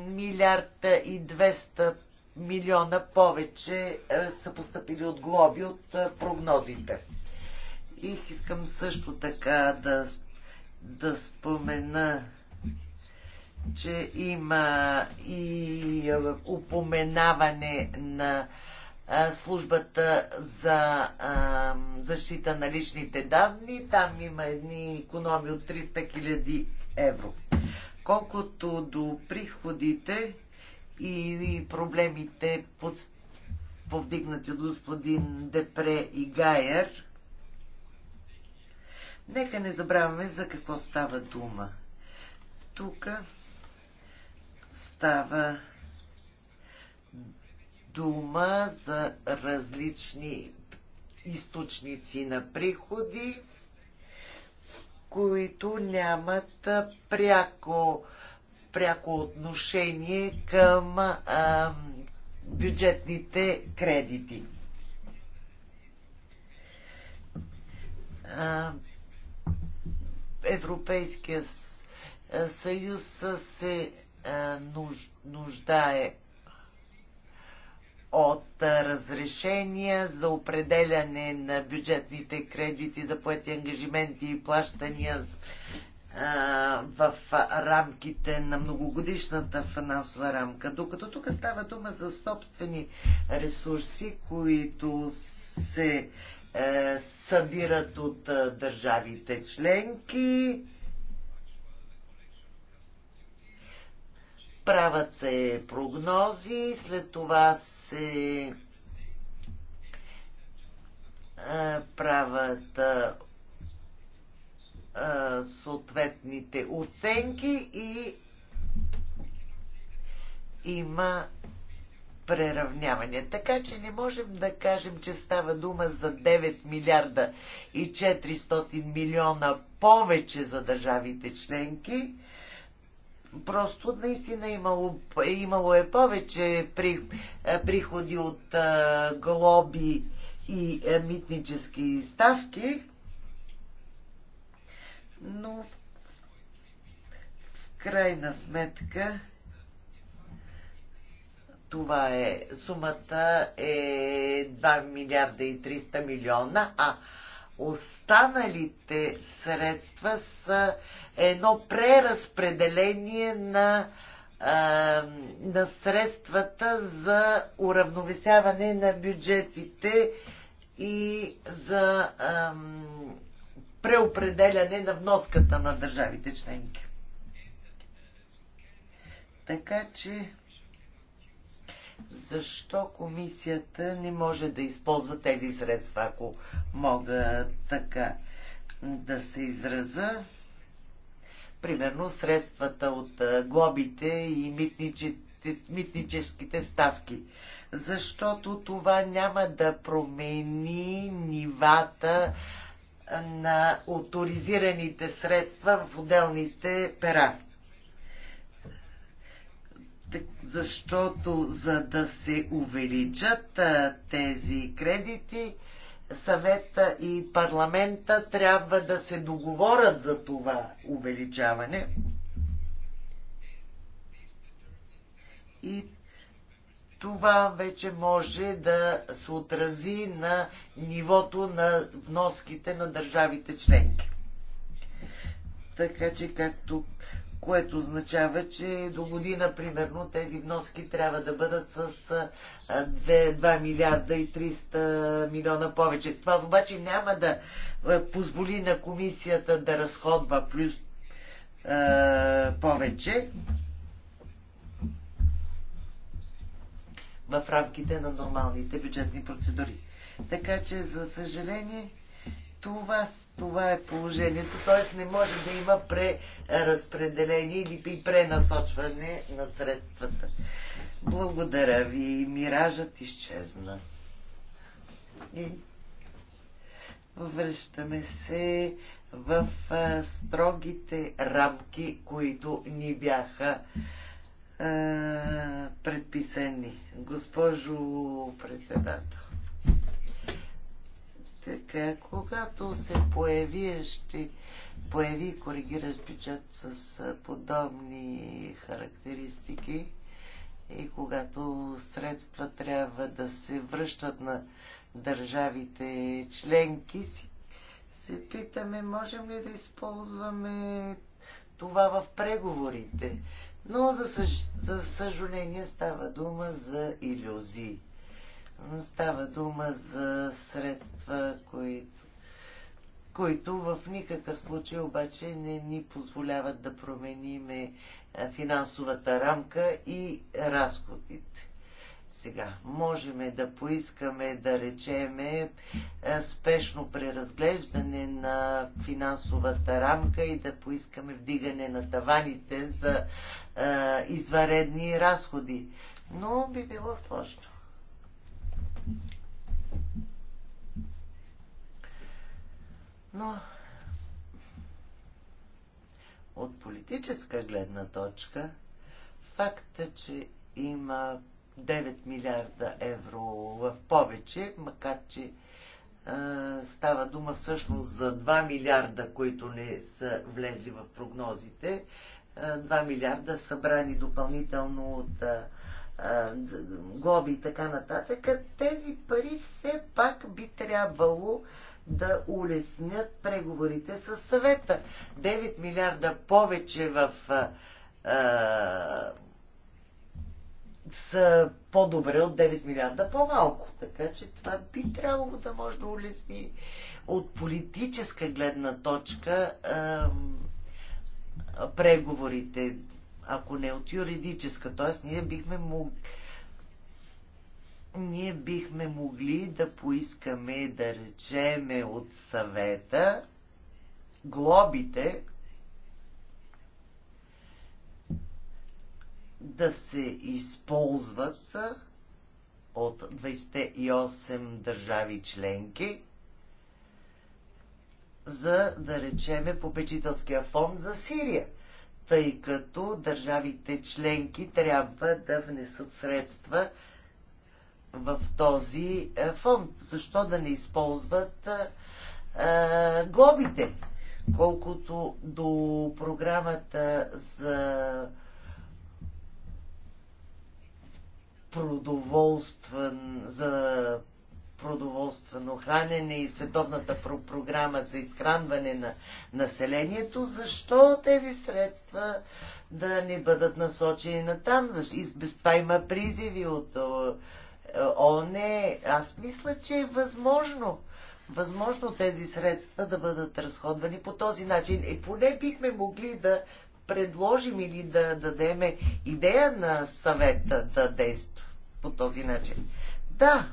милиард и 200 милиона повече е, са поступили от глоби от е, прогнозите. И искам също така да, да спомена, че има и е, упоменаване на службата за а, защита на личните данни. Там има едни економи от 300 000 евро. Колкото до приходите, и проблемите повдигнати от господин Депре и Гайер, нека не забравяме за какво става дума. Тук става дума за различни източници на приходи, които нямат пряко пряко отношение към а, бюджетните кредити. А, Европейския съюз се а, нуждае от разрешения за определяне на бюджетните кредити за поети ангажименти и плащания в рамките на многогодишната финансова рамка, докато тук става дума за собствени ресурси, които се е, събират от е, държавите членки. Правят се прогнози, след това се е, правят е, съответните оценки и има преравняване. Така че не можем да кажем, че става дума за 9 милиарда и 400 милиона повече за държавите членки. Просто наистина имало, имало е повече при, приходи от а, глоби и а, митнически ставки, но в крайна сметка това е сумата е 2 милиарда и 300 милиона, а останалите средства са едно преразпределение на, на средствата за уравновесяване на бюджетите и за преопределяне на вноската на държавите членки. Така че защо комисията не може да използва тези средства, ако мога така да се израза. Примерно средствата от глобите и митническите ставки. Защото това няма да промени нивата на авторизираните средства в отделните пера. Защото за да се увеличат тези кредити, съвета и парламента трябва да се договорят за това увеличаване. И това вече може да се отрази на нивото на вноските на държавите членки. Така че, както, което означава, че до година, примерно, тези вноски трябва да бъдат с 2, 2 милиарда и 300 милиона повече. Това обаче няма да позволи на комисията да разходва плюс а, повече. в рамките на нормалните бюджетни процедури. Така че, за съжаление, това, това е положението, т.е. не може да има преразпределение или пренасочване на средствата. Благодаря ви. Миражът изчезна. И връщаме се в строгите рамки, които ни бяха е, предписани. Госпожо председател. Така, когато се появи, ще появи коригиращ бюджет с е, подобни характеристики и когато средства трябва да се връщат на държавите членки, си, се питаме, можем ли да използваме това в преговорите. Но за, съж... за съжаление става дума за иллюзии. Става дума за средства, които, които в никакъв случай обаче не ни позволяват да промениме финансовата рамка и разходите. Сега, можеме да поискаме, да речеме, е, спешно преразглеждане на финансовата рамка и да поискаме вдигане на таваните за е, изваредни разходи. Но би било сложно. Но от политическа гледна точка, факта, че има 9 милиарда евро в повече, макар че става дума всъщност за 2 милиарда, които не са влезли в прогнозите. 2 милиарда събрани допълнително от глоби и така нататък. Тези пари все пак би трябвало да улеснят преговорите с съвета. 9 милиарда повече в са по-добре от 9 милиарда по-малко. Така че това би трябвало да може да улесни от политическа гледна точка а, преговорите, ако не от юридическа. Тоест, ние бихме могли ние бихме могли да поискаме, да речеме от съвета, глобите, да се използват от 28 държави членки за, да речеме, попечителския фонд за Сирия, тъй като държавите членки трябва да внесат средства в този фонд. Защо да не използват а, глобите? Колкото до програмата за продоволствен, за продоволствено хранене и световната програма за изхранване на населението, защо тези средства да не бъдат насочени на там? И без това има призиви от ОНЕ. Аз мисля, че е възможно. Възможно тези средства да бъдат разходвани по този начин. И е, поне бихме могли да предложим или да дадеме идея на съвета да действа по този начин. Да,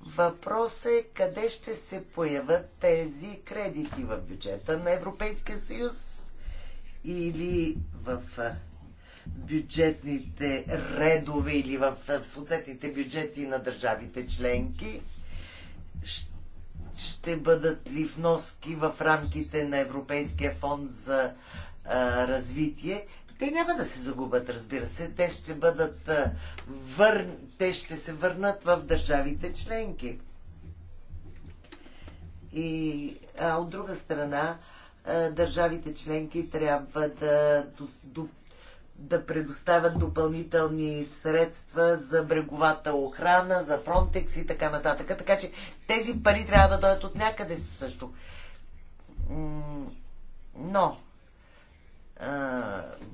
въпрос е къде ще се появят тези кредити в бюджета на Европейския съюз или в бюджетните редове или в съответните бюджети на държавите членки. Ще бъдат ли вноски в рамките на Европейския фонд за развитие? Те няма да се загубят, разбира се. Те ще бъдат вър... те ще се върнат в държавите членки. И а от друга страна, държавите членки трябва да, да предоставят допълнителни средства за бреговата охрана, за фронтекс и така нататък. Така че тези пари трябва да дойдат от някъде също. Но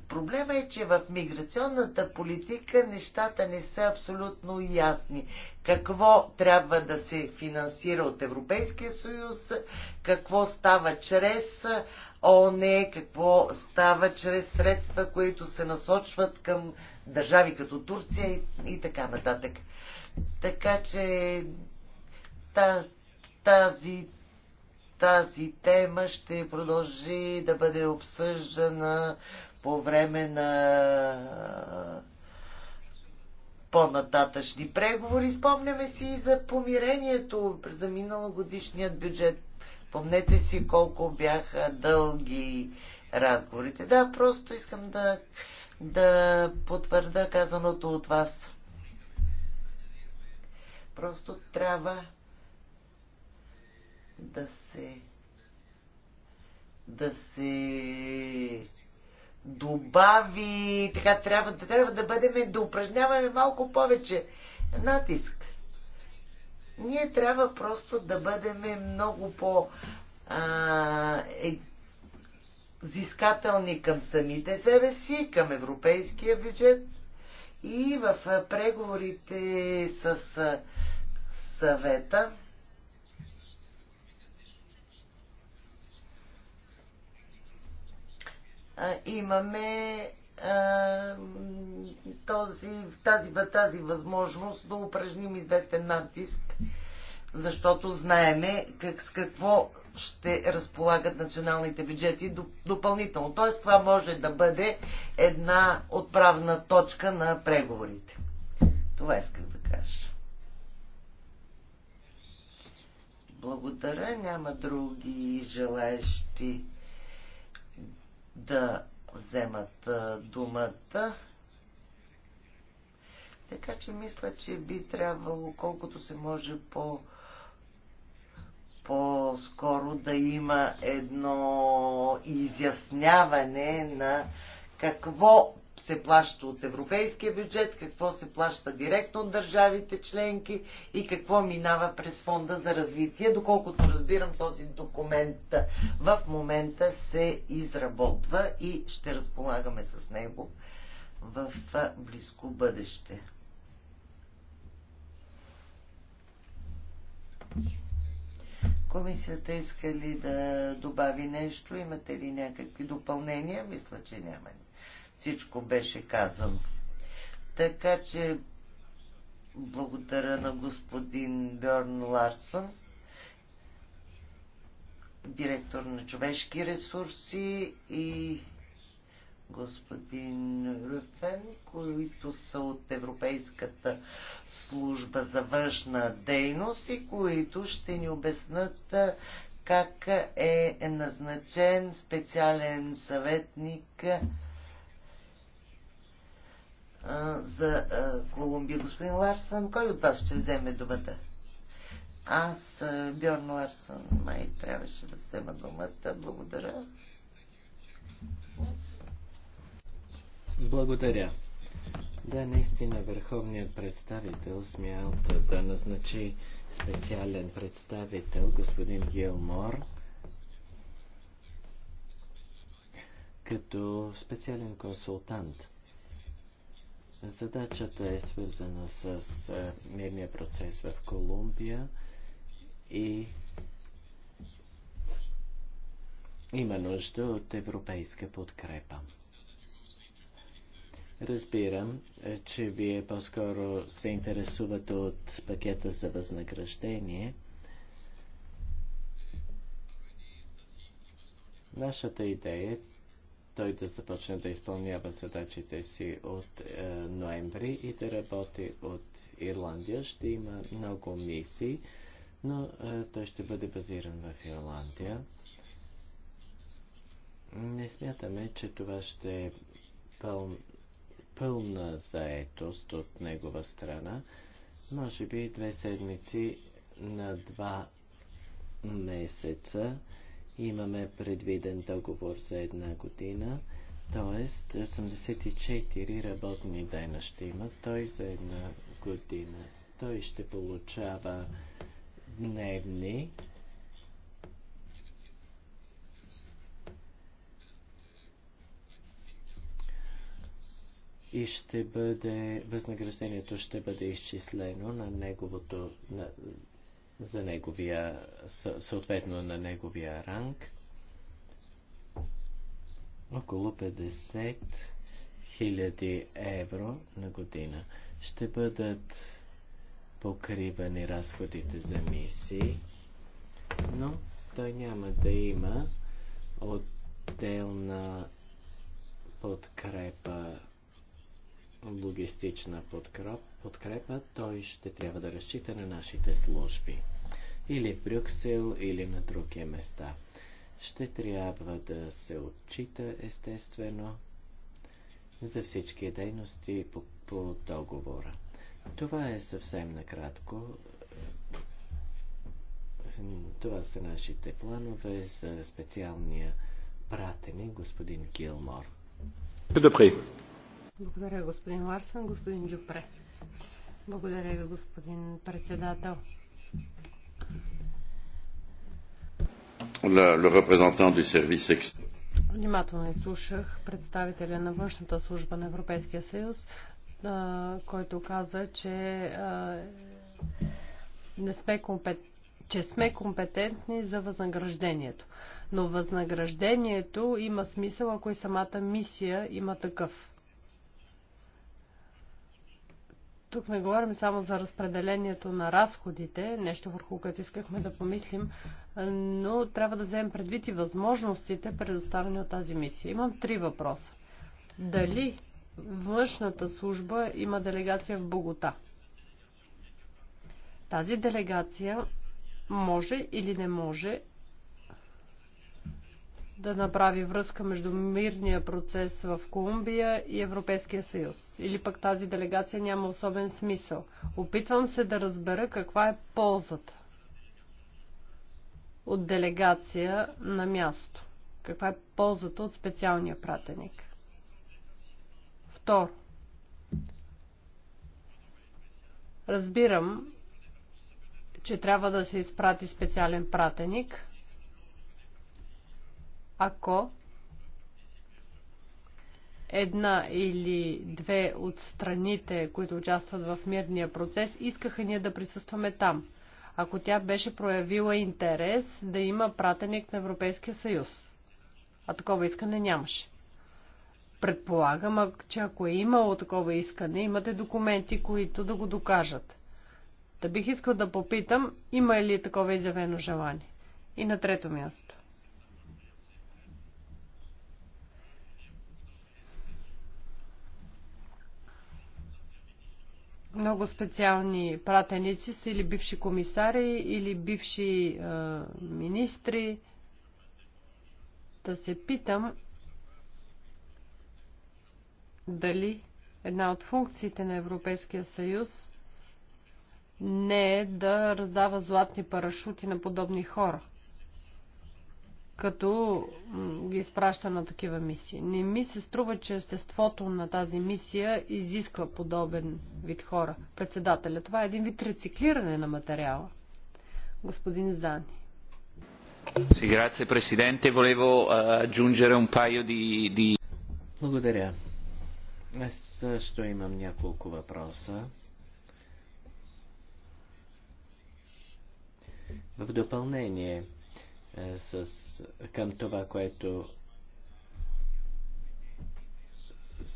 проблема е, че в миграционната политика нещата не са абсолютно ясни. Какво трябва да се финансира от Европейския съюз, какво става чрез ООН, какво става чрез средства, които се насочват към държави като Турция и, и така нататък. Така че тази тази тема ще продължи да бъде обсъждана по време на по-нататъчни преговори. Спомняме си и за помирението за миналогодишният бюджет. Помнете си колко бяха дълги разговорите. Да, просто искам да, да потвърда казаното от вас. Просто трябва да се да се добави, така трябва, трябва да бъдем, да упражняваме малко повече натиск. Ние трябва просто да бъдем много по а, е, към самите себе си, към европейския бюджет и в преговорите с съвета. имаме този, тази, тази възможност да упражним известен натиск, защото знаеме как, с какво ще разполагат националните бюджети допълнително. Т.е. това може да бъде една отправна точка на преговорите. Това исках да кажа. Благодаря. Няма други желаещи да вземат думата. Така че мисля, че би трябвало колкото се може по по-скоро да има едно изясняване на какво се плаща от европейския бюджет, какво се плаща директно от държавите членки и какво минава през фонда за развитие. Доколкото разбирам, този документ в момента се изработва и ще разполагаме с него в близко бъдеще. Комисията иска ли да добави нещо? Имате ли някакви допълнения? Мисля, че няма всичко беше казано. Така че благодаря на господин Бьорн Ларсън, директор на човешки ресурси и господин Рюфен, които са от Европейската служба за външна дейност и които ще ни обяснат как е назначен специален съветник за Колумбия. Господин Ларсън, кой от вас ще вземе думата? Аз, Бьорн Ларсън, май трябваше да взема думата. Благодаря. Благодаря. Да, наистина върховният представител смял да назначи специален представител, господин Гилмор, като специален консултант. Задачата е свързана с мирния процес в Колумбия и има нужда от европейска подкрепа. Разбирам, че вие по-скоро се интересувате от пакета за възнаграждение. Нашата идея е той да започне да изпълнява задачите си от е, ноември и да работи от Ирландия. Ще има много мисии, но е, той ще бъде базиран в Ирландия. Не смятаме, че това ще е пъл... пълна заетост от негова страна. Може би две седмици на два месеца Имаме предвиден договор за една година, т.е. 84 работни дена ще има той за една година. Той ще получава дневни и ще бъде, възнаграждението ще бъде изчислено на неговото, на, за неговия, съответно на неговия ранг. Около 50 000 евро на година ще бъдат покривани разходите за мисии, но той няма да има отделна подкрепа логистична подкрепа, той ще трябва да разчита на нашите служби. Или в Брюксел, или на други места. Ще трябва да се отчита, естествено, за всички дейности по, по договора. Това е съвсем накратко. Това са нашите планове за специалния пратеник господин Гилмор. Добре. Благодаря, господин Ларсън. Господин Дюпре. Благодаря ви, господин председател. Внимателно изслушах представителя на външната служба на Европейския съюз, който каза, че не сме компет... че сме компетентни за възнаграждението. Но възнаграждението има смисъл, ако и самата мисия има такъв. Тук не говорим само за разпределението на разходите, нещо върху което искахме да помислим, но трябва да вземем предвид и възможностите, предоставени от тази мисия. Имам три въпроса. Дали външната служба има делегация в Богота? Тази делегация може или не може да направи връзка между мирния процес в Колумбия и Европейския съюз. Или пък тази делегация няма особен смисъл. Опитвам се да разбера каква е ползата от делегация на място. Каква е ползата от специалния пратеник? Второ. Разбирам, че трябва да се изпрати специален пратеник – ако една или две от страните, които участват в мирния процес, искаха ние да присъстваме там. Ако тя беше проявила интерес да има пратеник на Европейския съюз. А такова искане нямаше. Предполагам, че ако е имало такова искане, имате документи, които да го докажат. Да бих искал да попитам, има ли такова изявено желание. И на трето място – много специални пратеници са или бивши комисари, или бивши е, министри. Да се питам дали една от функциите на Европейския съюз не е да раздава златни парашути на подобни хора като ги изпраща на такива мисии. Не ми се струва, че естеството на тази мисия изисква подобен вид хора. Председателя, това е един вид рециклиране на материала. Господин Зани. Grazie президенте. Волево, aggiungere un paio di, di... Благодаря. Аз също имам няколко въпроса. В допълнение, е, с, към това, което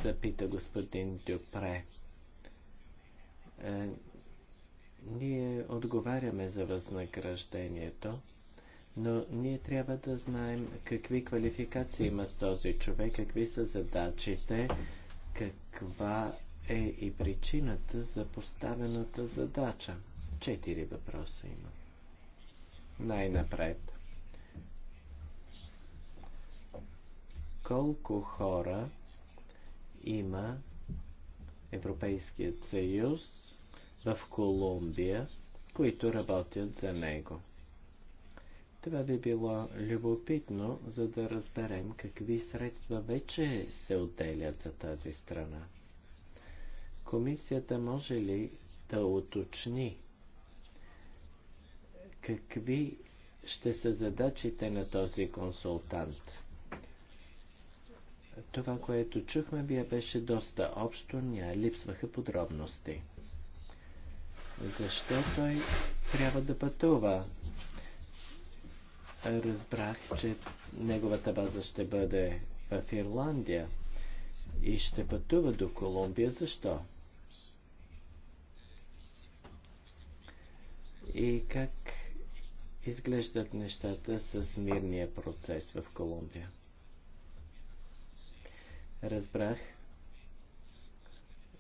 запита господин Дюпре. Е, ние отговаряме за възнаграждението, но ние трябва да знаем какви квалификации има с този човек, какви са задачите, каква е и причината за поставената задача. Четири въпроса има. Най-напред. колко хора има Европейският съюз в Колумбия, които работят за него. Това би било любопитно, за да разберем какви средства вече се отделят за тази страна. Комисията може ли да уточни какви ще са задачите на този консултант? Това, което чухме, вие беше доста общо, ня липсваха подробности. Защо той трябва да пътува? Разбрах, че неговата база ще бъде в Ирландия и ще пътува до Колумбия. Защо? И как изглеждат нещата с мирния процес в Колумбия? разбрах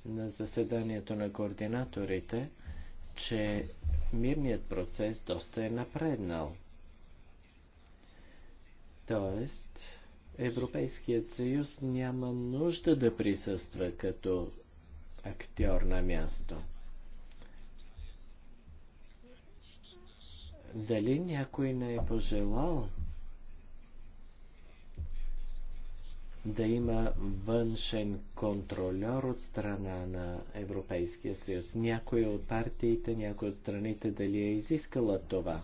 на заседанието на координаторите, че мирният процес доста е напреднал. Тоест, Европейският съюз няма нужда да присъства като актьор на място. Дали някой не е пожелал да има външен контролер от страна на Европейския съюз. Някоя от партиите, някоя от страните дали е изискала това.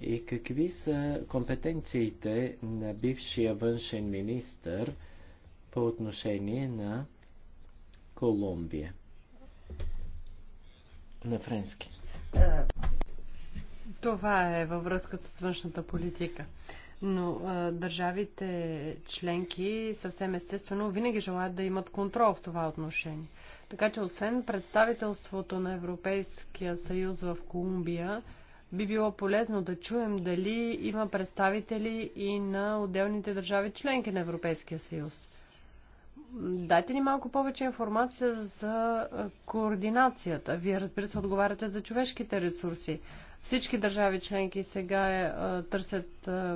И какви са компетенциите на бившия външен министр по отношение на Колумбия? На френски. Това е във връзка с външната политика. Но а, държавите членки съвсем естествено винаги желаят да имат контрол в това отношение. Така че освен представителството на Европейския съюз в Колумбия, би било полезно да чуем дали има представители и на отделните държави членки на Европейския съюз. Дайте ни малко повече информация за координацията. Вие, разбира се, отговаряте за човешките ресурси. Всички държави членки сега е, е, търсят е,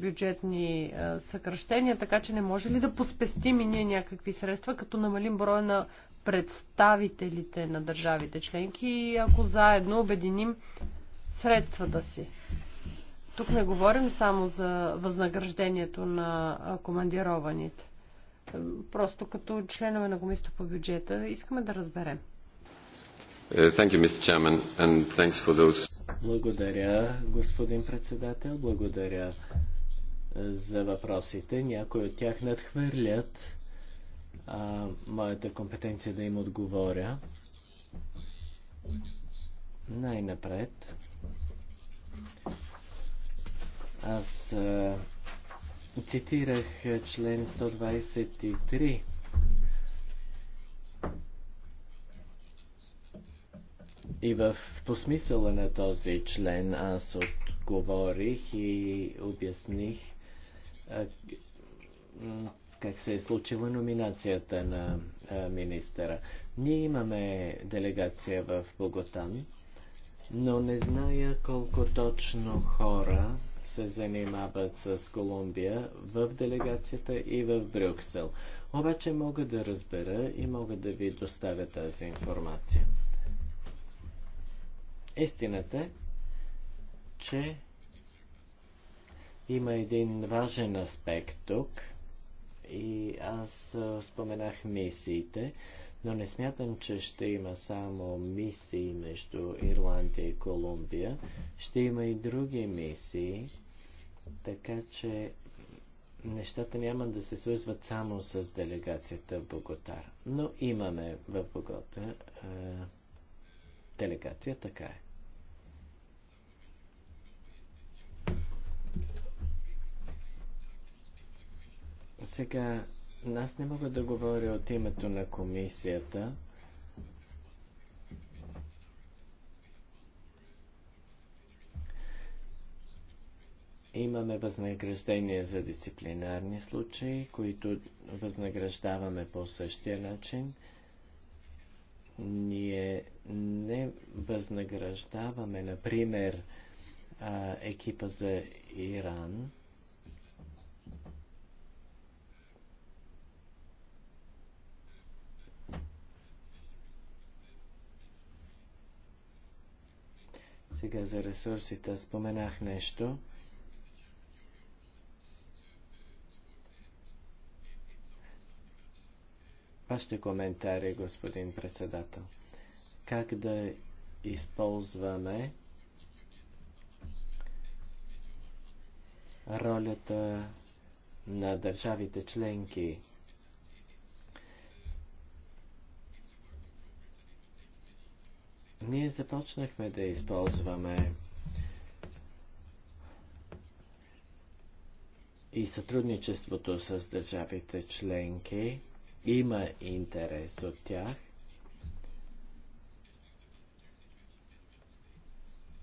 бюджетни е, съкръщения, така че не може ли да поспестим и ние някакви средства, като намалим броя на представителите на държавите членки и ако заедно обединим средствата си? Тук не говорим само за възнаграждението на командированите. Е, просто като членове на комисията по бюджета искаме да разберем. Uh, thank you, Mr. Chairman, and thanks for those. Благодаря, господин председател. Благодаря е, за въпросите. Някои от тях надхвърлят а, моята компетенция да им отговоря. Най-напред. Аз а, е, цитирах член 123 И в, по смисъла на този член аз отговорих и обясних а, как се е случила номинацията на а, министъра. Ние имаме делегация в Боготан, но не зная колко точно хора се занимават с Колумбия в делегацията и в Брюксел. Обаче мога да разбера и мога да ви доставя тази информация. Истината е, че има един важен аспект тук и аз споменах мисиите, но не смятам, че ще има само мисии между Ирландия и Колумбия. Ще има и други мисии, така че нещата няма да се свързват само с делегацията в Боготар. Но имаме в Богота е, делегация, така е. Сега, аз не мога да говоря от името на комисията. Имаме възнаграждение за дисциплинарни случаи, които възнаграждаваме по същия начин. Ние не възнаграждаваме, например, екипа за Иран Сега за ресурсите споменах нещо. Вашите коментари, господин председател. Как да използваме ролята на държавите членки Ние започнахме да използваме и сътрудничеството с държавите членки. Има интерес от тях.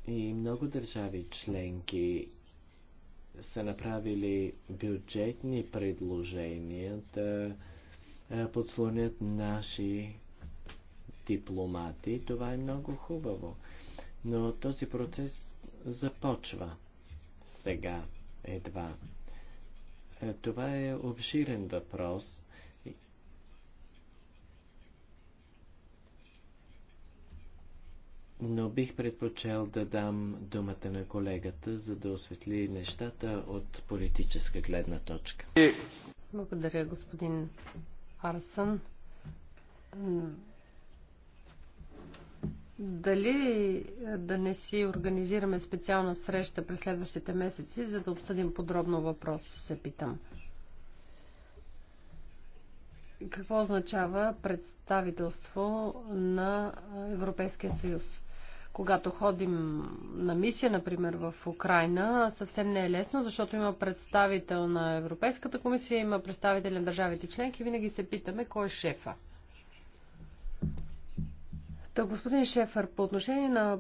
И много държави членки са направили бюджетни предложения да подслонят наши дипломати. Това е много хубаво. Но този процес започва сега едва. Е, това е обширен въпрос. Но бих предпочел да дам думата на колегата, за да осветли нещата от политическа гледна точка. Благодаря, господин Арсън. Дали е, да не си организираме специална среща през следващите месеци, за да обсъдим подробно въпрос, се питам. Какво означава представителство на Европейския съюз? когато ходим на мисия, например, в Украина, съвсем не е лесно, защото има представител на Европейската комисия, има представители на държавите членки, винаги се питаме кой е шефа. Та, господин Шефър, по отношение на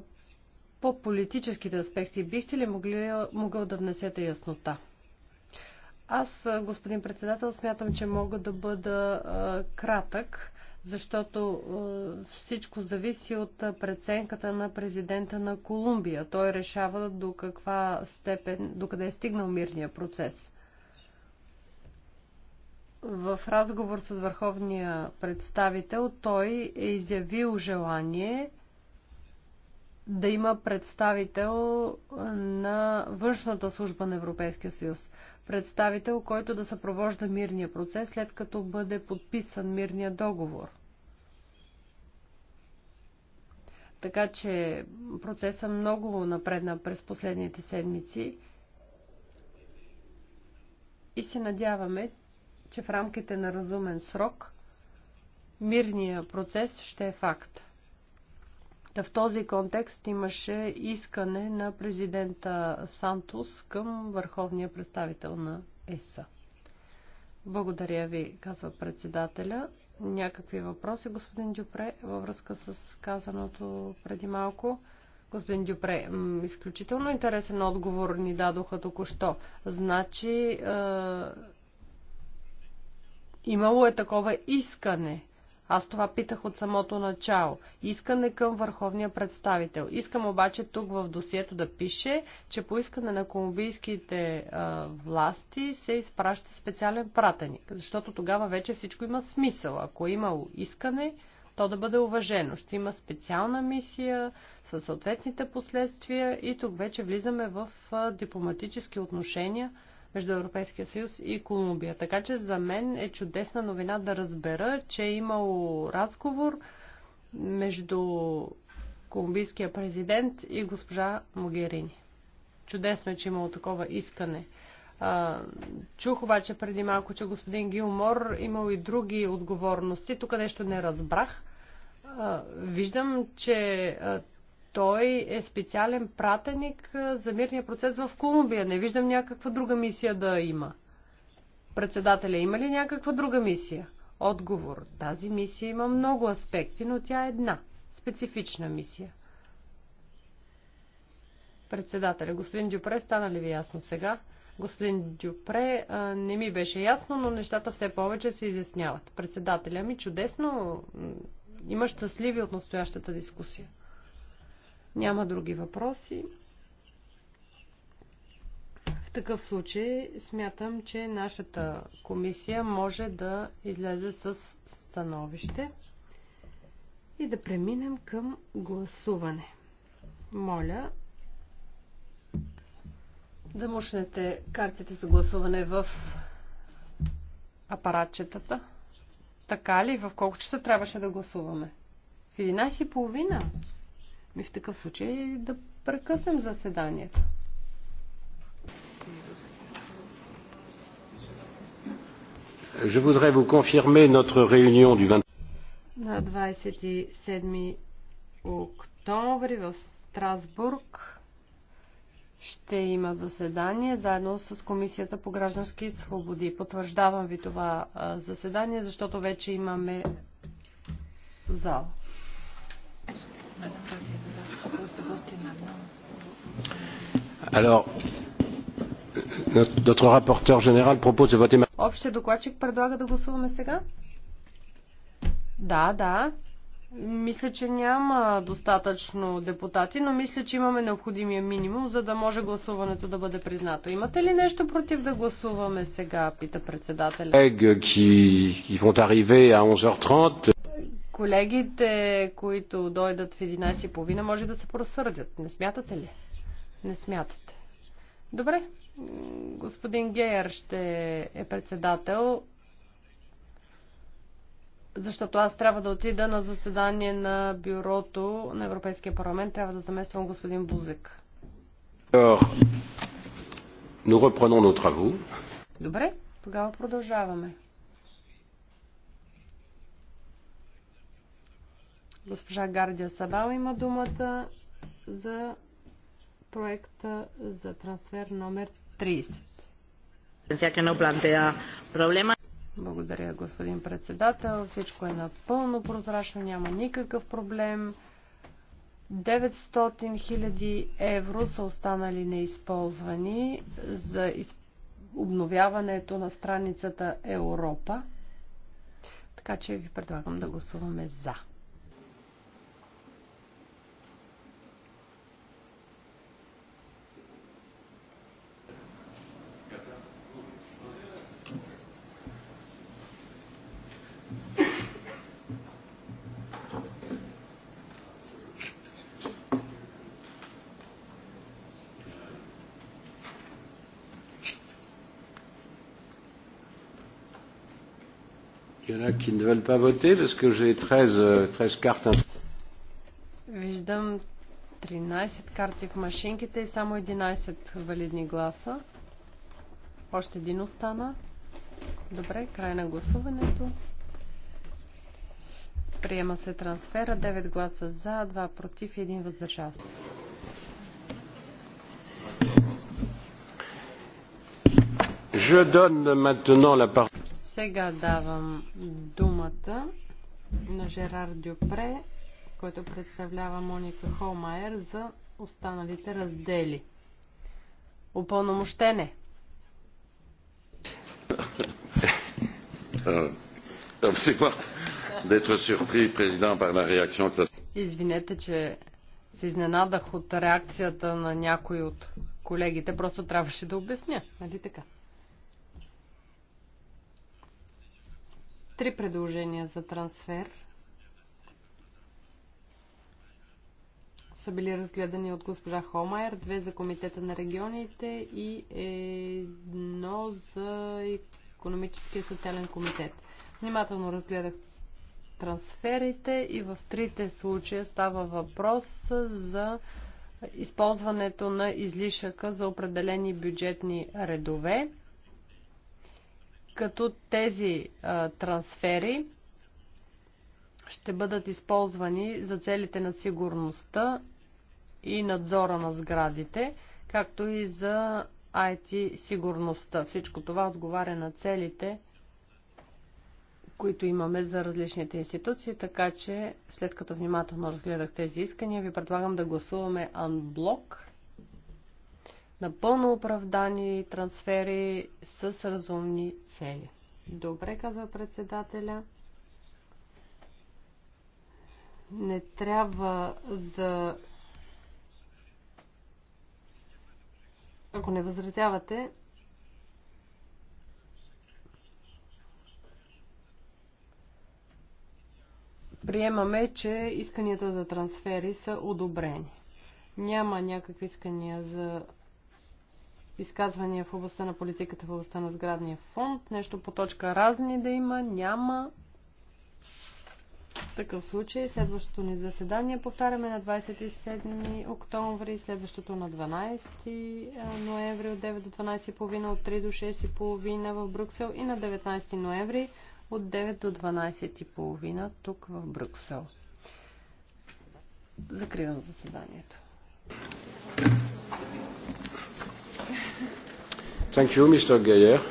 по-политическите аспекти, бихте ли могли, могъл да внесете яснота? Аз, господин председател, смятам, че мога да бъда а, кратък, защото а, всичко зависи от преценката на президента на Колумбия. Той решава до каква степен, до къде е стигнал мирния процес в разговор с върховния представител той е изявил желание да има представител на външната служба на Европейския съюз. Представител, който да съпровожда мирния процес, след като бъде подписан мирния договор. Така че процесът е много напредна през последните седмици и се надяваме, че в рамките на разумен срок мирния процес ще е факт. Та в този контекст имаше искане на президента Сантус към върховния представител на ЕСА. Благодаря ви, казва председателя. Някакви въпроси, господин Дюпре, във връзка с казаното преди малко? Господин Дюпре, изключително интересен отговор ни дадоха току-що. Значи, е, Имало е такова искане. Аз това питах от самото начало. Искане към върховния представител. Искам обаче тук в досието да пише, че по искане на колумбийските а, власти се изпраща специален пратеник. Защото тогава вече всичко има смисъл. Ако е имало искане, то да бъде уважено. Ще има специална мисия със съответните последствия и тук вече влизаме в дипломатически отношения между Европейския съюз и Колумбия. Така че за мен е чудесна новина да разбера, че е имало разговор между колумбийския президент и госпожа Могерини. Чудесно е, че е имало такова искане. А, чух обаче преди малко, че господин Гилмор имал и други отговорности. Тук нещо не разбрах. А, виждам, че той е специален пратеник за мирния процес в Колумбия. Не виждам някаква друга мисия да има. Председателя има ли някаква друга мисия? Отговор. Тази мисия има много аспекти, но тя е една. Специфична мисия. Председателя. Господин Дюпре, стана ли ви ясно сега? Господин Дюпре, не ми беше ясно, но нещата все повече се изясняват. Председателя ми чудесно има щастливи от настоящата дискусия. Няма други въпроси. В такъв случай смятам, че нашата комисия може да излезе с становище и да преминем към гласуване. Моля да мушнете картите за гласуване в апаратчетата. Така ли? В колко часа трябваше да гласуваме? В 11.30? Ми в такъв случай да прекъснем заседанието. Je voudrais vous confirmer notre réunion du 20... На 27 октомври в Страсбург ще има заседание заедно с Комисията по граждански свободи. Потвърждавам ви това заседание, защото вече имаме зал. Alors, notre rapporteur général propose de voter Общия докладчик предлага да гласуваме сега? Да, да. Мисля, че няма достатъчно депутати, но мисля, че имаме необходимия минимум, за да може гласуването да бъде признато. Имате ли нещо против да гласуваме сега, пита председателя? 11h30. Колегите, които дойдат в 11.30, може да се просърдят. Не смятате ли? Не смятате. Добре. Господин Гейер ще е председател, защото аз трябва да отида на заседание на бюрото на Европейския парламент. Трябва да замествам господин Бузек. Добре, тогава продължаваме. Госпожа Гардия Сабал има думата за проекта за трансфер номер 30. Благодаря, господин председател. Всичко е напълно прозрачно, няма никакъв проблем. 900 000 евро са останали неизползвани за обновяването на страницата Европа. Така че ви предлагам да гласуваме за. Виждам 13 карти в машинките и само 11 валидни гласа. Още един остана. Добре, край на гласуването. Приема се трансфера. 9 гласа за, 2 против и 1 въздържал се. Je donne maintenant la parole. Сега давам думата на Жерар Дюпре, който представлява Моника Холмайер за останалите раздели. Опълномощене. Euh, euh, Извинете, че се изненадах от реакцията на някой от колегите. Просто трябваше да обясня. Нали така? Три предложения за трансфер са били разгледани от госпожа Холмайер, две за Комитета на регионите и едно за Економическия и социален комитет. Внимателно разгледах трансферите и в трите случая става въпрос за използването на излишъка за определени бюджетни редове като тези а, трансфери ще бъдат използвани за целите на сигурността и надзора на сградите, както и за IT сигурността. Всичко това отговаря на целите, които имаме за различните институции, така че след като внимателно разгледах тези искания, ви предлагам да гласуваме анблок напълно оправдани трансфери с разумни цели. Добре, казва председателя. Не трябва да. Ако не възразявате, приемаме, че исканията за трансфери са одобрени. Няма някакви искания за изказвания в областта на политиката, в областта на сградния фонд. Нещо по точка разни да има, няма. В такъв случай следващото ни заседание повтаряме на 27 октомври, следващото на 12 е, ноември от 9 до 12.30, от 3 до 6.30 в Брюксел и на 19 ноември от 9 до 12.30 тук в Брюксел. Закривам заседанието. Thank you, Mr. Geyer.